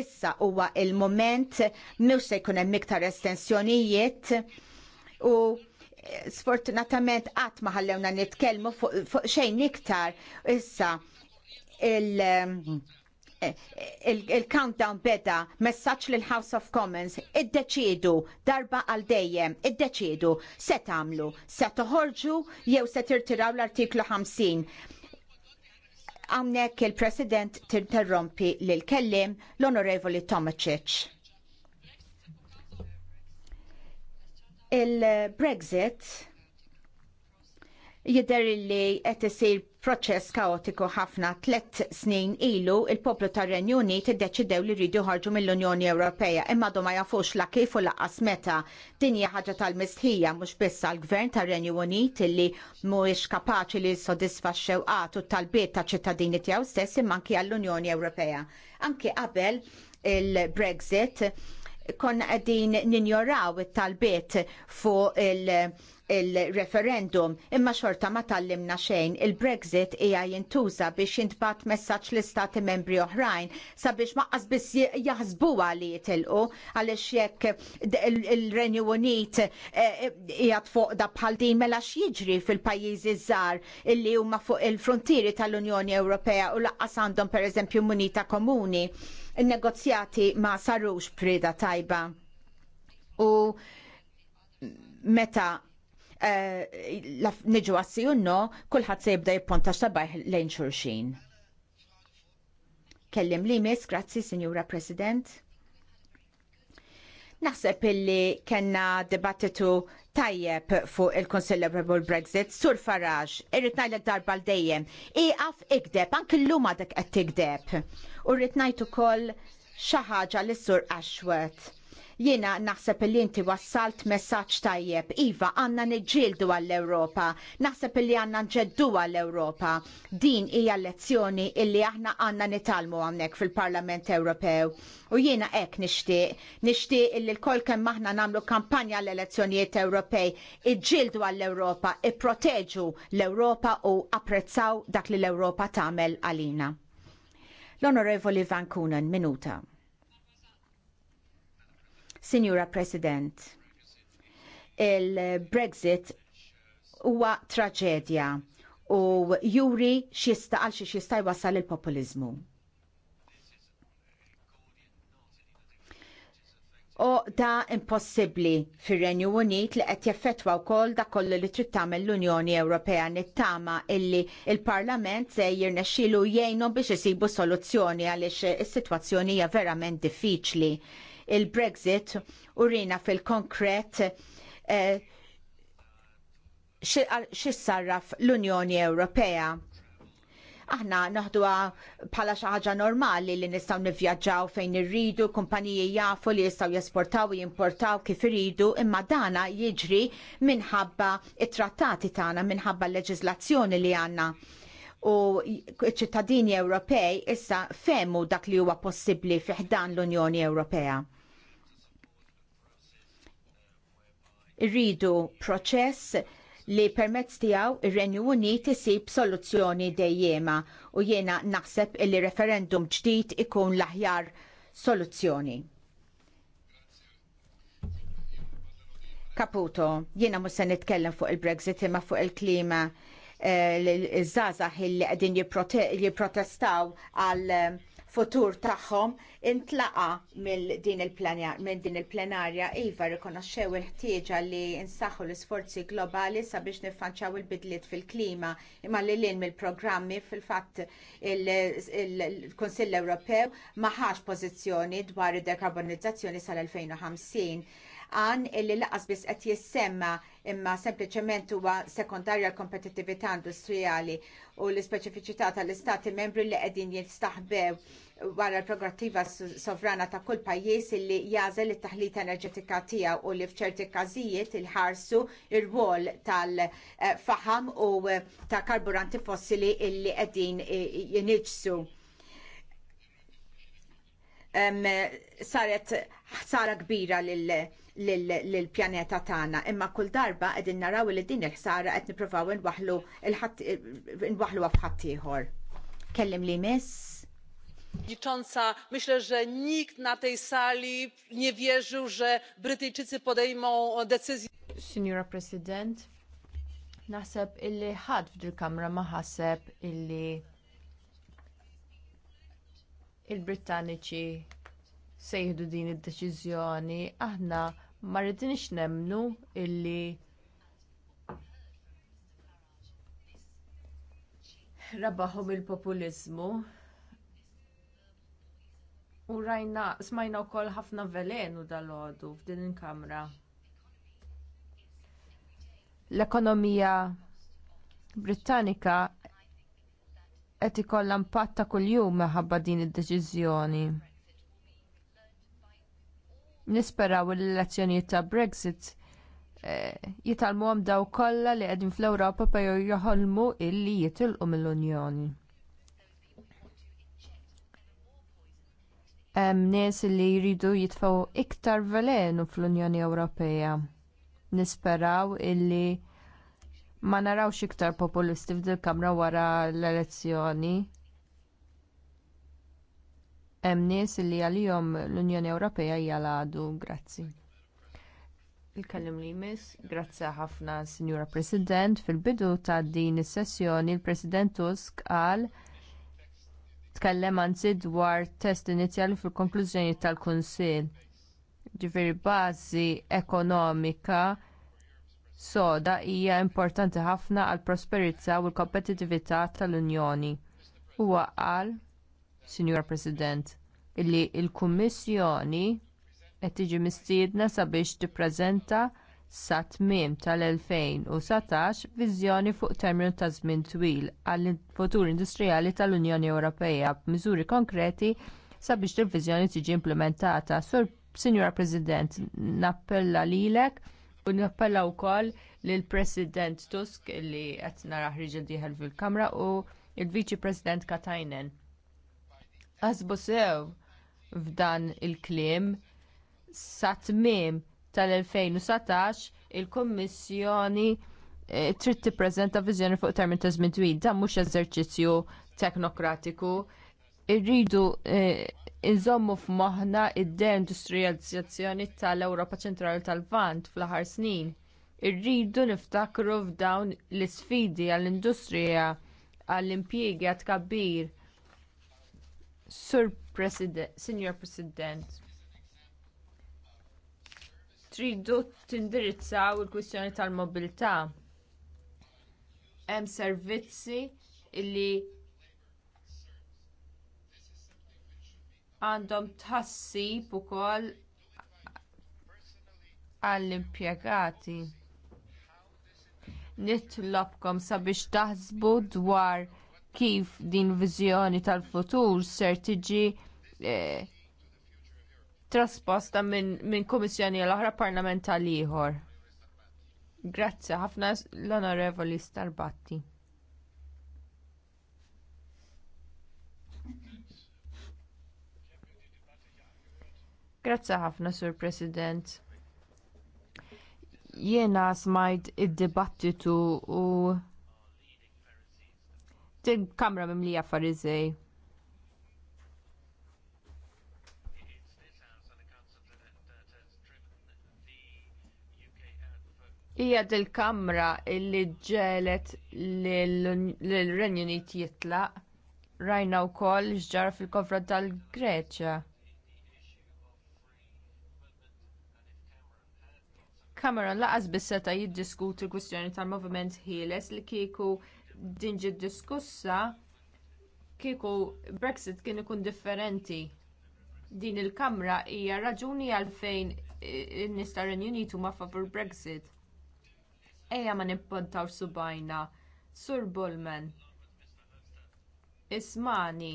issa huwa il mument mhux se jkun hemm iktar estensjonijiet u sfortunatament qatt ma ħallewna nitkellmu fuq xejn iktar issa il- il-countdown beda messaċ lil House of Commons iddeċidu darba għal dejjem iddeċidu se tagħmlu se toħorġu jew se tirtiraw l-artiklu 50 Hawnhekk il-President tinterrompi lil kellim l-Onorevoli Tomacic. il-Brexit jidher li qed isir proċess kaotiku ħafna tliet snin ilu il-poplu tar renju Unit iddeċidew li jridu ħarġu mill-Unjoni Ewropea imma du ma jafux la kif u laqas meta din hija ħaġa tal-mistħija mhux biss għall-Gvern tar renju Unit li mhuwiex kapaċi li jsodisfa x-xewqat u tal-biet ta' ċittadini tiegħu stess imma anki għall-Unjoni Ewropea. Anki qabel il-Brexit konna qegħdin ninjoraw it-talbiet fuq il- il-referendum imma xorta ma tallimna xejn il-Brexit hija jintuża biex jintbat messaġġ l-istati membri oħrajn sabiex ma biss jaħsbuha li jitilqu għaliex jekk il-Renju Unit qiegħed fuq da bħal din mela x'jiġri fil-pajjiżi żgħar illi huma fuq il-frontieri tal-Unjoni Ewropea u laqqas għandhom pereżempju munita komuni. Il-negozjati ma sarux prida tajba. U meta Eh, niġu għassi unno, kullħat se jibda jipponta xtabajh lejn xurxin. Kellim li mis, grazzi, Signora President. Naħseb illi kena dibattitu tajjeb fuq il-Considerable Brexit, sur Farage, irrit najlek darba l-dejjem, iqaf ikdeb, anki l-luma dak qed tikdeb. U rrit najtu kol xaħġa l-sur Ashworth Jiena naħseb li inti wassalt messaġġ tajjeb. Iva, għandna niġġieldu għall-Ewropa. Naħseb li għandna nġeddu għall-Ewropa. Din hija lezzjoni illi aħna għandna nitalmu hawnhekk fil-Parlament Ewropew. U jiena hekk nixtieq, nixtieq illi l-kol kemm aħna nagħmlu kampanja għall-elezzjonijiet Ewropej, iġġieldu għall-Ewropa, ipproteġu l-Ewropa u apprezzaw dak li l-Ewropa tagħmel għalina. L-Onorevoli Van Kunen, minuta. Signora President, il-Brexit huwa traġedja u juri xista għal xi xista jwasal il-populizmu. U da impossibbli fir-Renju Unit li qed jeffettwa wkoll da kollu li trid tagħmel l-Unjoni Ewropea nittama illi il-Parlament se jirnexxielu jgħinhom biex isibu soluzzjoni għaliex is-sitwazzjoni hija verament diffiċli il-Brexit u rina fil-konkret eh, xissarraf l-Unjoni Ewropea aħna naħduha bħala xi ħaġa normali li nistgħu nivvjaġġaw fejn irridu, kumpaniji jafu li jistgħu jesportaw u jimportaw kif iridu, imma dana jiġri minħabba it-trattati tagħna minħabba l-leġiżlazzjoni li għandna. U ċ-ċittadini Ewropej issa femu dak li huwa possibbli fiħdan l-Unjoni Ewropea. Irridu proċess li permezz tiegħu ir-Renju Unit isib soluzzjoni dejjema u jiena naħseb li referendum ġdid ikun l-aħjar soluzzjoni. Kaputo. jiena mhux se nitkellem fuq il-Brexit imma fuq il-klima eh, l żazaħ li qegħdin jipprotestaw għal futur tagħhom intlaqa minn din il-plenarja iva rikonoxxew il-ħtieġa li nsaħħu l-isforzi globali sabiex niffanċaw il-bidliet fil-klima imma li lin mill-programmi fil-fatt il-Kunsill Ewropew ma ħax pożizzjoni dwar id-dekarbonizzazzjoni sal-2050 għan illi laqas biss qed jissemma imma sempliċement huwa sekondarja l-kompetittività industrijali u l-ispeċifiċità tal-istati membri li qegħdin jistaħbew wara l-prograttiva sovrana ta' kull pajjiż illi jażel it taħlita enerġetika tiegħu u li f'ċerti każijiet il-ħarsu ir-wol tal-faħam eh, u eh, ta' karburanti fossili illi qegħdin eh, jinġsu saret ħsara kbira lill lill-pjaneta tagħna. Imma kull darba qegħdin naraw li din il-ħsara qed nippruvaw inwaħlu inwaħlu f'ħadd ieħor. Kellim li miss. Przewodnicząca, myślę, że nikt na tej sali nie wierzył, że Brytyjczycy podejmą decyzję. Signora President, naħseb illi ħad w kamra ma ħaseb illi il-Brittaniċi sejħdu din id deċizjoni aħna ma rridinix nemnu illi rabaħu il populiżmu u rajna smajna wkoll ħafna velenu dal-għodu f'din il-kamra. L-ekonomija Brittanika qed ikollha impatt ta' kuljum meħabba din id-deċiżjoni nisperaw l-elezzjonijiet ta' Brexit eh, jitalmu għam daw kolla li għedin fl-Europa pa joħolmu illi jitilqu mill-Unjoni. Hemm nies li jridu jitfgħu iktar velenu fl-Unjoni Ewropea. Nisperaw illi ma narawx iktar populisti f'dil kamra wara l-elezzjoni hemm nies li għalihom l-Unjoni Ewropea hija għadu grazzi. Il-kellim li jmiss, grazzi ħafna Sinjura President, fil-bidu ta' din is-sessjoni il-President Tusk qal tkellem anzi dwar test inizjali fil-konklużjoni tal-Kunsill. Ġifieri bażi ekonomika soda hija importanti ħafna għall prosperità u l-kompetitività tal-Unjoni. Huwa qal Signor President, illi l il kummissjoni qed tiġi mistiedna sabiex tippreżenta sa tmiem tal-2017 viżjoni fuq terminu ta' żmien twil għall futur industrijali tal-Unjoni Ewropea b'miżuri konkreti sabiex il-viżjoni tiġi implementata. Sur Sinjora President, nappella lilek u nappella wkoll lill President Tusk li qed naraħriġ ħriġa diħel fil-Kamra u l viċi President Katajnen għazbu sew f'dan il-klim sa tmiem tal-2017 il kummissjoni eh, trid tippreżenta viżjoni fuq termin ta' żmien twil dan mhux eżerċizzju teknokratiku. Irridu eh, nżommu f'moħħna id-deindustrializzazzjoni tal-Ewropa ċentrali tal-Vant fl-aħħar snin. Irridu niftakru f'dawn l isfidi għall-industrija għall-impjiegi għat kabbir Sur President, Senior President, tridu tindirizzaw il-kwistjoni tal-mobilità. Hemm servizzi illi għandhom tħassib ukoll għall-impjegati. Nitlobkom sabiex taħsbu dwar kif din viżjoni tal-futur ser tiġi eh, trasposta minn min komissjoni l-oħra parlamentali ieħor. Grazzi ħafna l-Onorevoli Starbatti. Grazzi ħafna, Sur President. Jiena smajt id-dibattitu u kamra mimlija farizej. Hija dil-kamra illi ġelet l-Renju Unit jitlaq rajna wkoll x'ġara fil-kofra tal-Greċja. Cameron laqas bis seta jiddiskuti l-kwistjoni tal-moviment Hiles li kieku din ġiet diskussa kieku Brexit kien ikun differenti. Din il-Kamra hija raġuni għalfejn in-nies tar Unitu ma favur Brexit. Ejja ma nippontaw subajna. Sur Bullman. Ismani.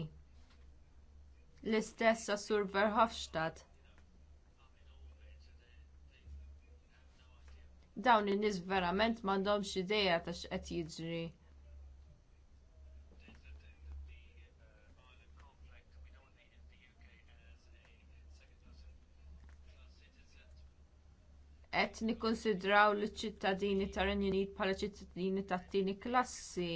L-istess Sur Verhofstadt. Dawn in-nies verament m'għandhomx idea ta' x'qed jiġri. qed nikkonsidraw liċ ċittadini tar-Renju Unit bħala ċittadini tat-tieni klassi.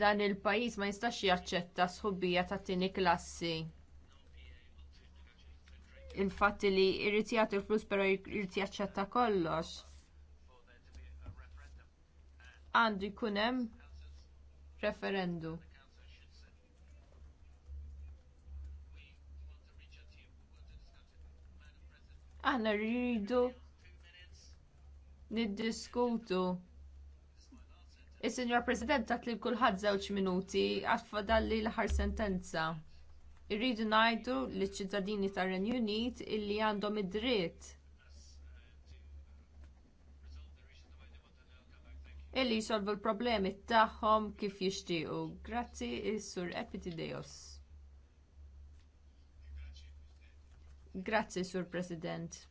Dan il-pajjiż ma jistax jaċċetta sħubija tat-tieni klassi. Il-fatt li jrid jagħti l-flus però jrid jaċċetta kollox. Għandu jkun hemm referendum. Aħna rridu niddiskutu. Is-Sinjor President tat li kulħadd żewġ minuti għatfa dalli l-aħħar sentenza. Irridu ngħidu liċ ċittadini tar-Renju Unit illi għandhom id-dritt illi jisolvu l-problemi tagħhom kif jixtiequ. Grazzi is-Sur Epitideos. Grazzi, Sur President.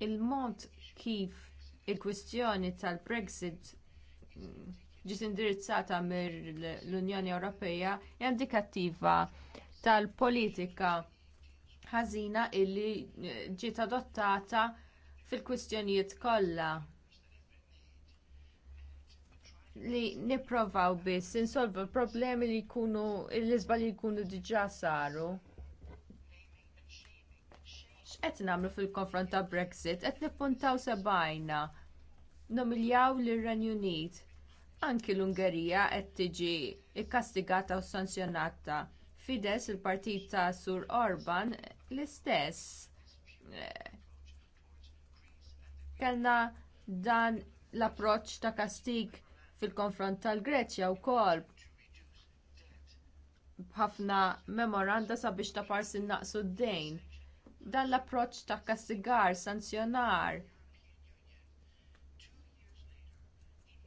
Il-mod kif il-kwistjoni tal-Brexit mm, ġis indirizzata mill-Unjoni Ewropea hija indikattiva tal-politika ħażina illi eh, ġiet adottata fil-kwistjonijiet kollha li nipprovaw biss insolvu problemi li jkunu l-iżbal li jkunu diġà saru. Qed nagħmlu fil-konfront ta' Brexit qed nippuntaw sebajna nomiljaw lir-Renju Unit. Anki l-Ungerija qed tiġi ikkastigata u sanzjonata. Fides il-partit ta' Sur Orban l-istess. Kellna dan l-approċċ ta' kastig fil-konfront tal-Greċja wkoll b'ħafna memoranda sabiex ta' parsi naqsu d-dejn dan l-approċċ ta' kastigar, sanzjonar.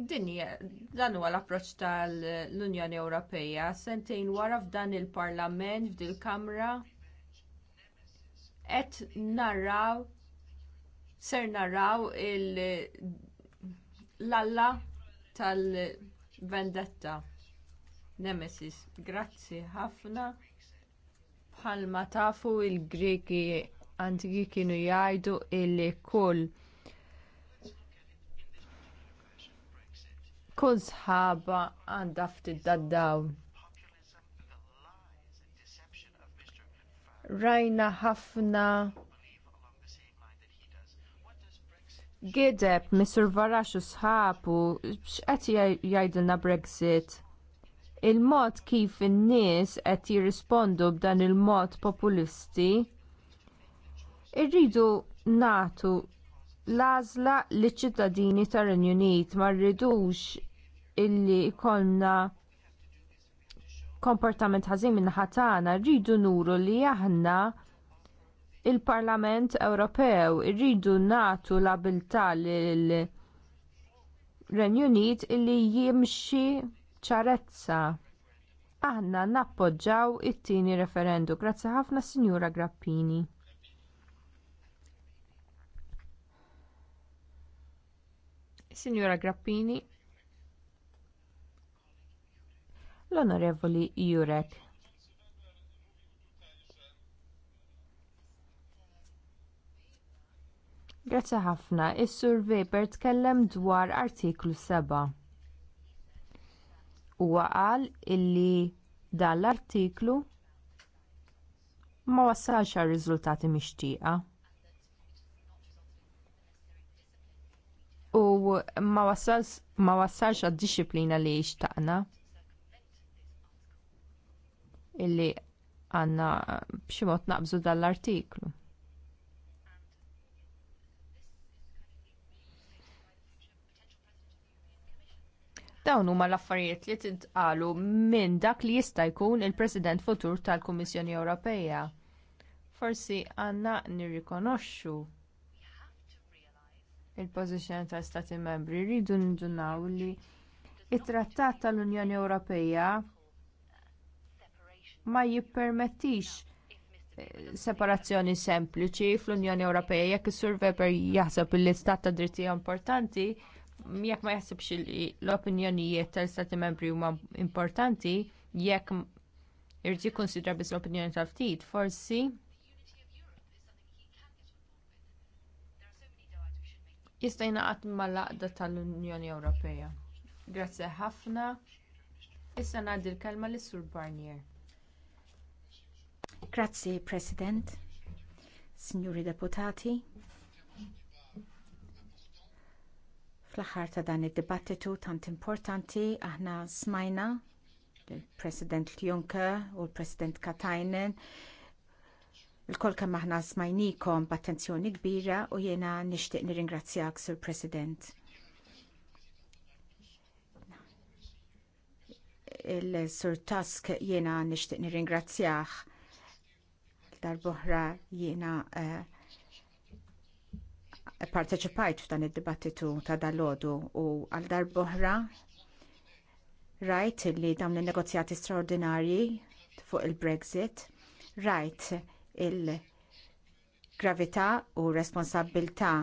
Din dan huwa l-approċċ tal-Unjoni Ewropea sentejn wara f'dan il-Parlament f'dil Kamra qed narraw ser narraw l-alla tal-vendetta. Nemesis, grazzi ħafna. Bħalma tafu il-Greki antiki kienu jgħidu illi kull kull sħaba għandha ftit daddaw. Rajna ħafna Gedeb, Mr. Varax u sħabu, x'qed jgħidilna Brexit? il-mod kif in-nies qed jirrispondu b'dan il-mod populisti irridu nagħtu l-għażla liċ ċittadini tar-Renju Unit ma rridux illi jkollna komportament ħażin minn ħatana rridu nuru li aħna il-Parlament Ewropew irridu nagħtu l-abilità lil Renju Unit illi jimxi ċarezza. Aħna nappoġġaw it-tieni referendu. Grazzi ħafna Sinjura Grappini. Sinjura Grappini. L-Onorevoli Jurek. Grazzi ħafna, is-Sur Weber tkellem dwar artiklu 7 huwa qal illi dan l-artiklu ma wassalx għal riżultati mixtieqa. U ma wassalx għad disciplina li jixtaqna. Illi għandna b'xi mod naqbżu dan l artiklu Dawn huma l-affarijiet li tintqalu minn dak li jista' jkun il-President futur tal-Kummissjoni Ewropea. Forsi għandna nirrikonoxxu il-pożizzjoni tal-Stati membri rridu nindunaw li t trattat tal-Unjoni Ewropea ma jippermettix eh, separazzjoni sempliċi fl-Unjoni Ewropea jekk is-Sur jaħseb li l-istat ta' dritti importanti jekk ma jaħsibx li l-opinjonijiet tal-stati membri huma importanti, jekk irid konsidra biss l-opinjoni tal-ftit, forsi jista' jingħaqad mal-laqda tal-Unjoni Ewropea. Grazzi ħafna. Issa ngħaddi l-kelma lis Sur Barnier. Grazzi, President. Signori Deputati, Fl-aħħar ta' dan id-dibattitu tant importanti aħna smajna il-President Juncker u l-President Katajnen il-kol kemm aħna smajnikom b'attenzjoni kbira u jiena nixtieq nirringrazzjak sur President. Il-Sur Tusk jiena nixtieq nirringrazzjah darbohra jiena uh, parteċipajt f'dan id-dibattitu ta' dalodu u għal darboħra rajt li dawn in negozjati straordinarji fuq il-Brexit, rajt il-gravità u responsabilità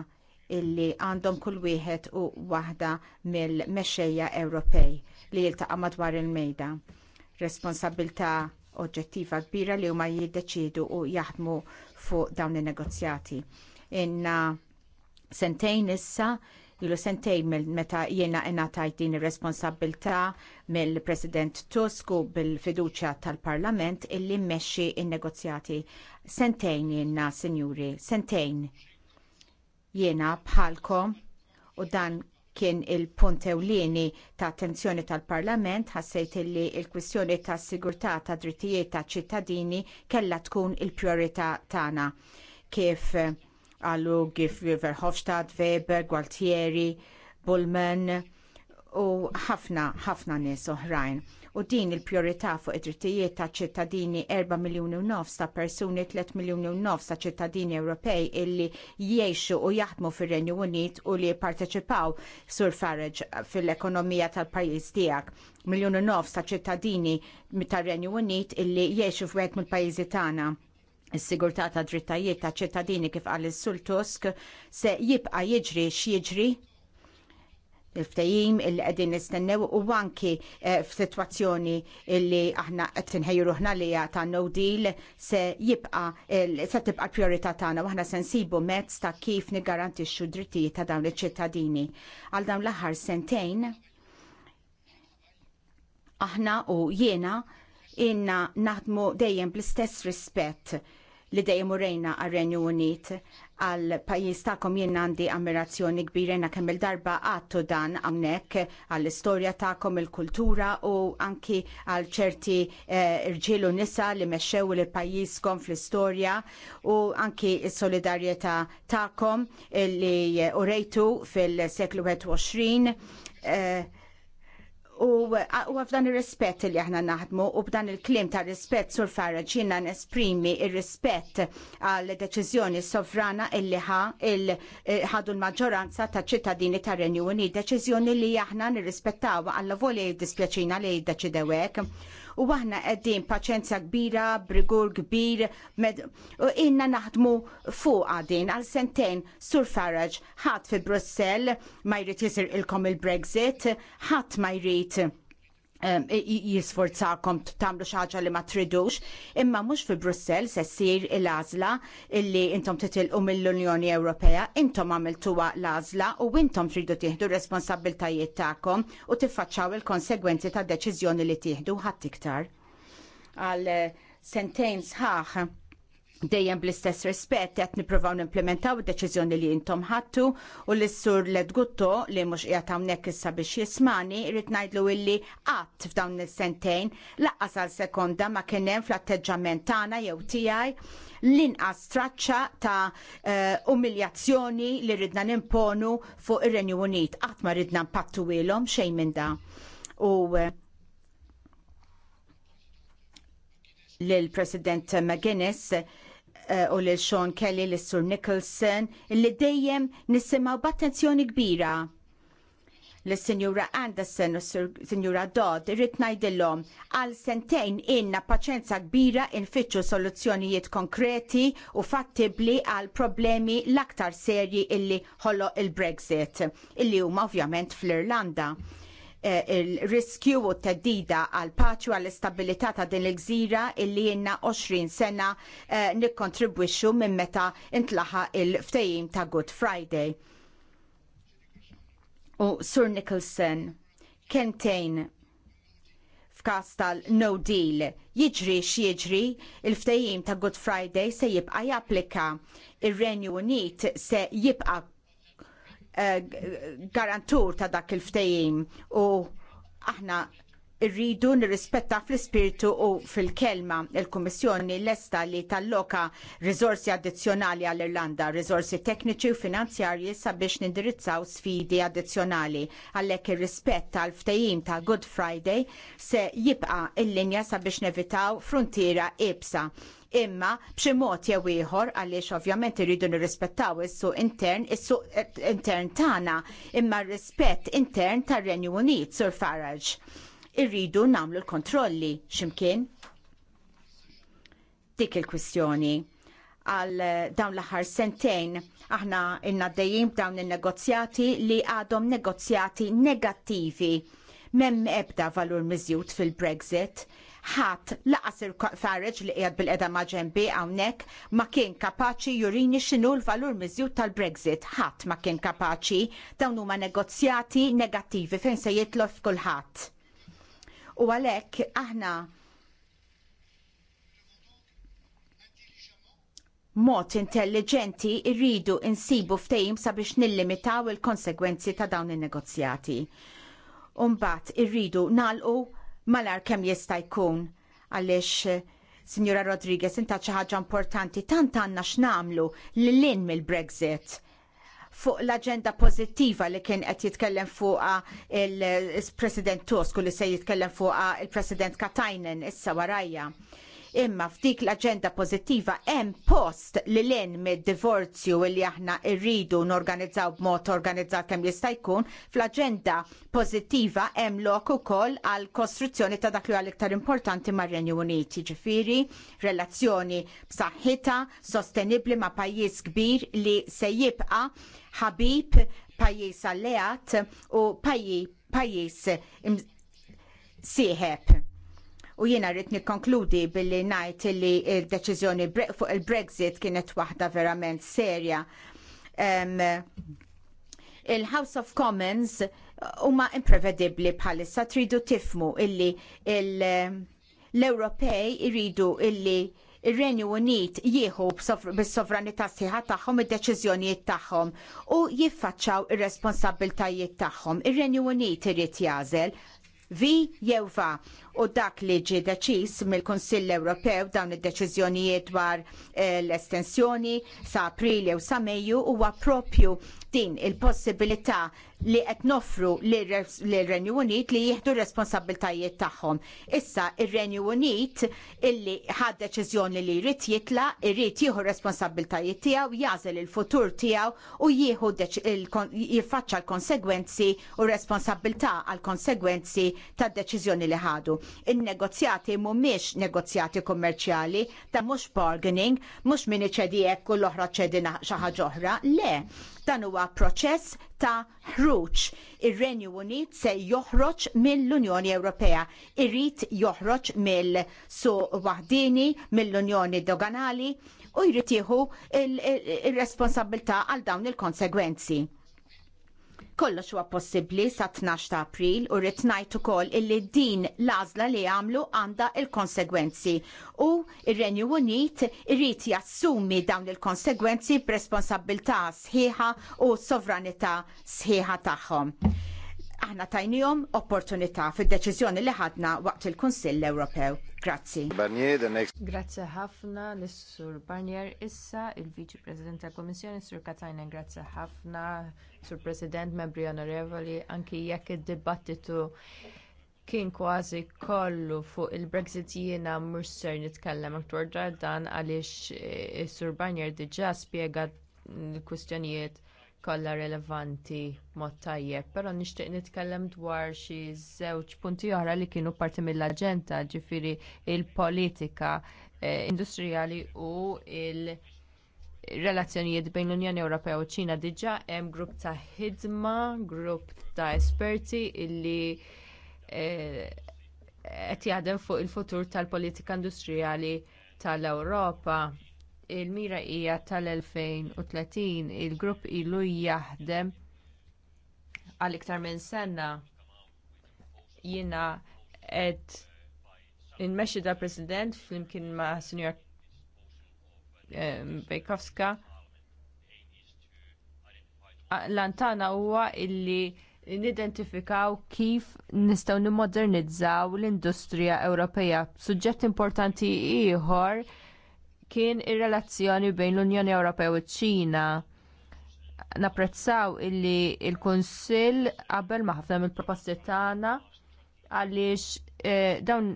illi għandhom kull wieħed u waħda mill-mexxejja Ewropej li jiltaqa' madwar il-mejda. Responsabilità oġġettiva kbira li huma jiddeċiedu u jaħdmu fuq dawn in-negozjati. Inna sentejn issa ilu sentejn meta jiena enatajt din ir-responsabilità mill-President Tusk u bil-fiduċja tal-Parlament illi mmexxi il negozjati Sentejn jiena, sinjuri, sentejn jiena bħalkom u dan kien il-punt ewlieni ta' attenzjoni tal-Parlament ħassejt illi l kwistjoni tas sigurtà tad drittijiet ta' ċittadini kellha tkun il-priorità tagħna kif għallu Gif Verhofstadt, Weber, Gualtieri, Bullman u ħafna, ħafna nies oħrajn. U din il-priorità fuq id-drittijiet ta' ċittadini 4 miljoni u nofs ta' persuni 3 miljoni u nofs ta' ċittadini Ewropej illi jiexu u jaħdmu fir-Renju Unit u li parteċipaw sur Farage fil-ekonomija tal-pajjiż tiegħek. Miljoni u nofs ta' ċittadini tar-Renju Unit illi jiexu f'wieħed mill-pajjiżi tagħna Is-sigurtà ta' drittajiet ta' ċittadini kif qal is-Sul Tusk se jibqa' jiġri x'jiġri il-ftajim il qegħdin nistennew u anki eh, f'sitwazzjoni li aħna qed tinħejju ruħna li ta' no deal se jibqa' se tibqa' l prijorità tagħna u aħna se nsibu mezz ta' kif niggarantixxu drittijiet ta' dawn iċ-ċittadini. Għal dawn l-aħħar sentejn aħna u jiena inna naħdmu dejjem bl-istess rispett li dejjem urejna għar-Renju Unit għal pajjiż tagħkom jien għandi ammirazzjoni kbira kbirena kemm il-darba għattu dan hawnhekk għall-istorja tagħkom il-kultura u anki għal ċerti eh, u nisa li mexxew li pajjiżkom fl-istorja u anki s-solidarjetà tagħkom li urejtu fil-seklu 21 eh, U għafdan il-rispet li aħna naħdmu u b'dan il-klim ta' rispet sur Farraġ jina nesprimi il-rispet għal deċizjoni sovrana illi ħa eh, ħadu l-maġġoranza ta' ċittadini ta' Renju Unit, deċizjoni li aħna għal għalla voli dispjaċina li jiddeċidewek u aħna qegħdin paċenzja kbira, brigur kbir, med, u inna naħdmu fuq għadin għal sentejn Sur Farage ħadd fi Brussell ma jrid jisir ilkom il-Brexit, ħadd ma jrid jisforzakom tamlu xaġa li ma tridux, imma mhux fi Brussell se ssir il għażla illi intom titilqu mill-Unjoni Ewropea, intom għamiltuha l-għażla u intom tridu tieħdu r responsabiltajiet tagħkom u tiffaċċaw il-konsegwenzi tad deċiżjoni li tieħdu ħadd iktar. Għal eh, sentejn sħaħ dejjem bl-istess rispett qed nippruvaw nimplementaw id-deċiżjoni li intom ħadtu u l-sur Led Gutto li mhux qiegħed hawnhekk issa biex jismani irid ngħidlu illi qatt f'dawn is-sentejn laqqas għal sekonda ma kien hemm fl-atteġġament tagħna jew tiegħi l-inqas traċċa ta' uh, umiljazzjoni li ridna nimponu fuq ir-Renju Unit qatt ma ridna mpattu ilhom xejn minn da. U eh, l-President McGuinness Eh, u lil Sean Kelly l sur Nicholson illi dejjem nisimaw b'attenzjoni kbira l-Sinjura Anderson u Sinjura Dodd irrit ngħidilhom għal sentejn inna paċenza kbira infittxu soluzzjonijiet konkreti u fattibbli għal problemi l-aktar serji illi ħollo il-Brexit illi huma ovvjament fl-Irlanda Eh, il-riskju u t-teddida għal paċu għal istabilità ta' din il-gżira illi jenna 20 sena eh, nikkontribwixxu minn meta intlaħa il-ftejim ta' Good Friday. U Sir Nicholson, kentejn f'kas tal-no deal jiġri x'jiġri, il-ftejim ta' Good Friday se jibqa' japplika ir-Renju Unit se jibqa' garantur ta' dak il-ftejim u aħna irridu nirrispetta fl-ispirtu u fil-kelma il-Kummissjoni lesta li talloka risorsi addizzjonali għall-Irlanda, risorsi tekniċi u finanzjarji sabiex nindirizzaw sfidi addizzjonali għallek ir-rispett tal ftehim ta' Good Friday se jibqa' il-linja sabiex nevitaw frontiera ibsa imma b'xi mod jew ieħor għaliex ovvjament irridu nirrispettaw is-suq intern, is-suq intern tagħna, imma r-rispett intern tar-Renju Unit, Sur Farage. Irridu nagħmlu l-kontrolli x'imkien. Dik il-kwistjoni għal dawn l-aħħar sentejn aħna inna dejjem dawn in negozjati li għadhom negozjati negattivi m'hemm ebda valur miżjud fil-Brexit ħadd laqas il-farreġ li qiegħed bil-qeda ma' ġenbi hawnhekk ma kien kapaċi jurini x'inhu l-valur miżjud tal-Brexit. Ħadd ma kien kapaċi dawn huma negozjati negattivi fejn se jitlof kulħadd. U għalhekk aħna mod intelligenti rridu insibu ftehim sabiex nillimitaw il-konsegwenzi ta' dawn in-negozjati. Umbat irridu nagħlqu malar kemm jista' jkun għaliex Signora Rodriguez, inta xi ħaġa importanti tant għandna x'namlu lil lin mill-Brexit fuq l-agenda pozittiva li kien qed jitkellem fuqha il-President Tusk u li se jitkellem fuqha il-President Katajnen issa warajja. Imma f'dik l-aġenda pożittiva hemm post li l mid-divorzju li aħna rridu norganizzaw b'mod organizzat kemm jista' jkun, fl-aġenda pożittiva hemm lok ukoll għal kostruzzjoni ta' dak li għal iktar importanti mar-Renju Uniti, ġifieri relazzjoni b'saħħitha, sostenibbli ma' pajjiż kbir li se jibqa' ħabib pajjiż alleat u pajjiż sieħeb. U jiena rrit nikkonkludi billi ngħid li d-deċiżjoni fuq il-Brexit kienet waħda verament serja. Um, Il-House of Commons huma imprevedibbli bħalissa tridu tifmu illi l-Ewropej iridu illi il renju Unit jieħu bis-sovranità sħiħa tagħhom id-deċiżjonijiet tagħhom u jiffaċċaw ir-responsabbiltajiet tagħhom. Ir-Renju Unit irid jażel vi jew va u dak li ġie deċiż mill-Kunsill Ewropew dawn id-deċiżjonijiet dwar eh, l-estensjoni sa April jew sa Mejju huwa proprju din il-possibilità li qed noffru lir-Renju Unit li jieħdu r responsabbiltajiet tagħhom. Issa ir-Renju Unit illi ħad deċiżjoni li jrid jitlaq, irid jieħu r responsabbiltajiet tiegħu, jażel il-futur tiegħu u jieħu jiffaċċa l-konsegwenzi u r responsabbiltà għall konsegwenzi tad deċiżjoni li ħadu in-negozjati mhumiex negozjati kommerċjali ta' mhux bargaining, mhux min iċedi u l ohra ċedina xi ħaġa oħra, le. Dan huwa proċess ta' ħruġ. Ir-Renju Unit se joħroġ mill-Unjoni Ewropea, irrit joħroġ mill su wahdini, mill-Unjoni Doganali u jrid jieħu il-responsabilità għal dawn il-konsegwenzi. Kollox huwa possibbli sa 12 ta' April u rrid ngħid ukoll illi din l-għażla li għamlu għandha il-konsegwenzi u ir-Renju Unit irid jassumi dawn il-konsegwenzi b'responsabilità sħiħa u sovranità sħiħa tagħhom aħna tajnijom opportunità fid-deċiżjoni li ħadna waqt il-Kunsill Ewropew. Grazzi. Grazzi ħafna l-Sur Barnier issa, il-Viċi President tal Komissjoni, Sur Katajna, grazzi ħafna, Sur President, membri onorevoli, anki jekk id-dibattitu kien kważi kollu fuq il-Brexit jiena mhux nitkellem aktar dan għaliex eh, sur Barnier diġà spjega l-kwistjonijiet kollha relevanti mod tajjeb, però nixtieq nitkellem dwar xi żewġ punti oħra li kienu parti mill-aġenda, ġifieri l politika eh, industrijali u il- relazzjonijiet bejn l-Unjoni Ewropea u ċina diġà hemm grupp ta' ħidma, grupp ta' esperti illi eh, qed eh, jaħdem fuq il-futur tal-politika industrijali tal-Ewropa il-mira hija tal-2030 il-grupp ilu jaħdem għal iktar minn sena jiena qed inmexxi tal president flimkien ma' Sinjor ehm, Bejkowska l-antana huwa illi nidentifikaw kif nistgħu nimmodernizzaw l-industrija Ewropea. Suġġett importanti ieħor kien ir-relazzjoni bejn l-Unjoni Ewropew u ċ-Ċina. Napprezzaw illi l il kunsill qabel ma ħafna mill-proposti tagħna għaliex eh, dawn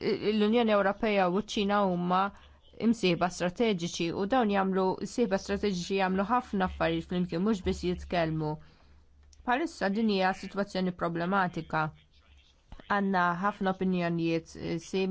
l-Unjoni Ewropea u ċ-Ċina huma imsieba strateġiċi u dawn jagħmlu sieba strateġiċi jagħmlu ħafna affarijiet flimkien mhux biss jitkellmu. Bħalissa din hija sitwazzjoni problematika. Għandna ħafna opinjonijiet eh,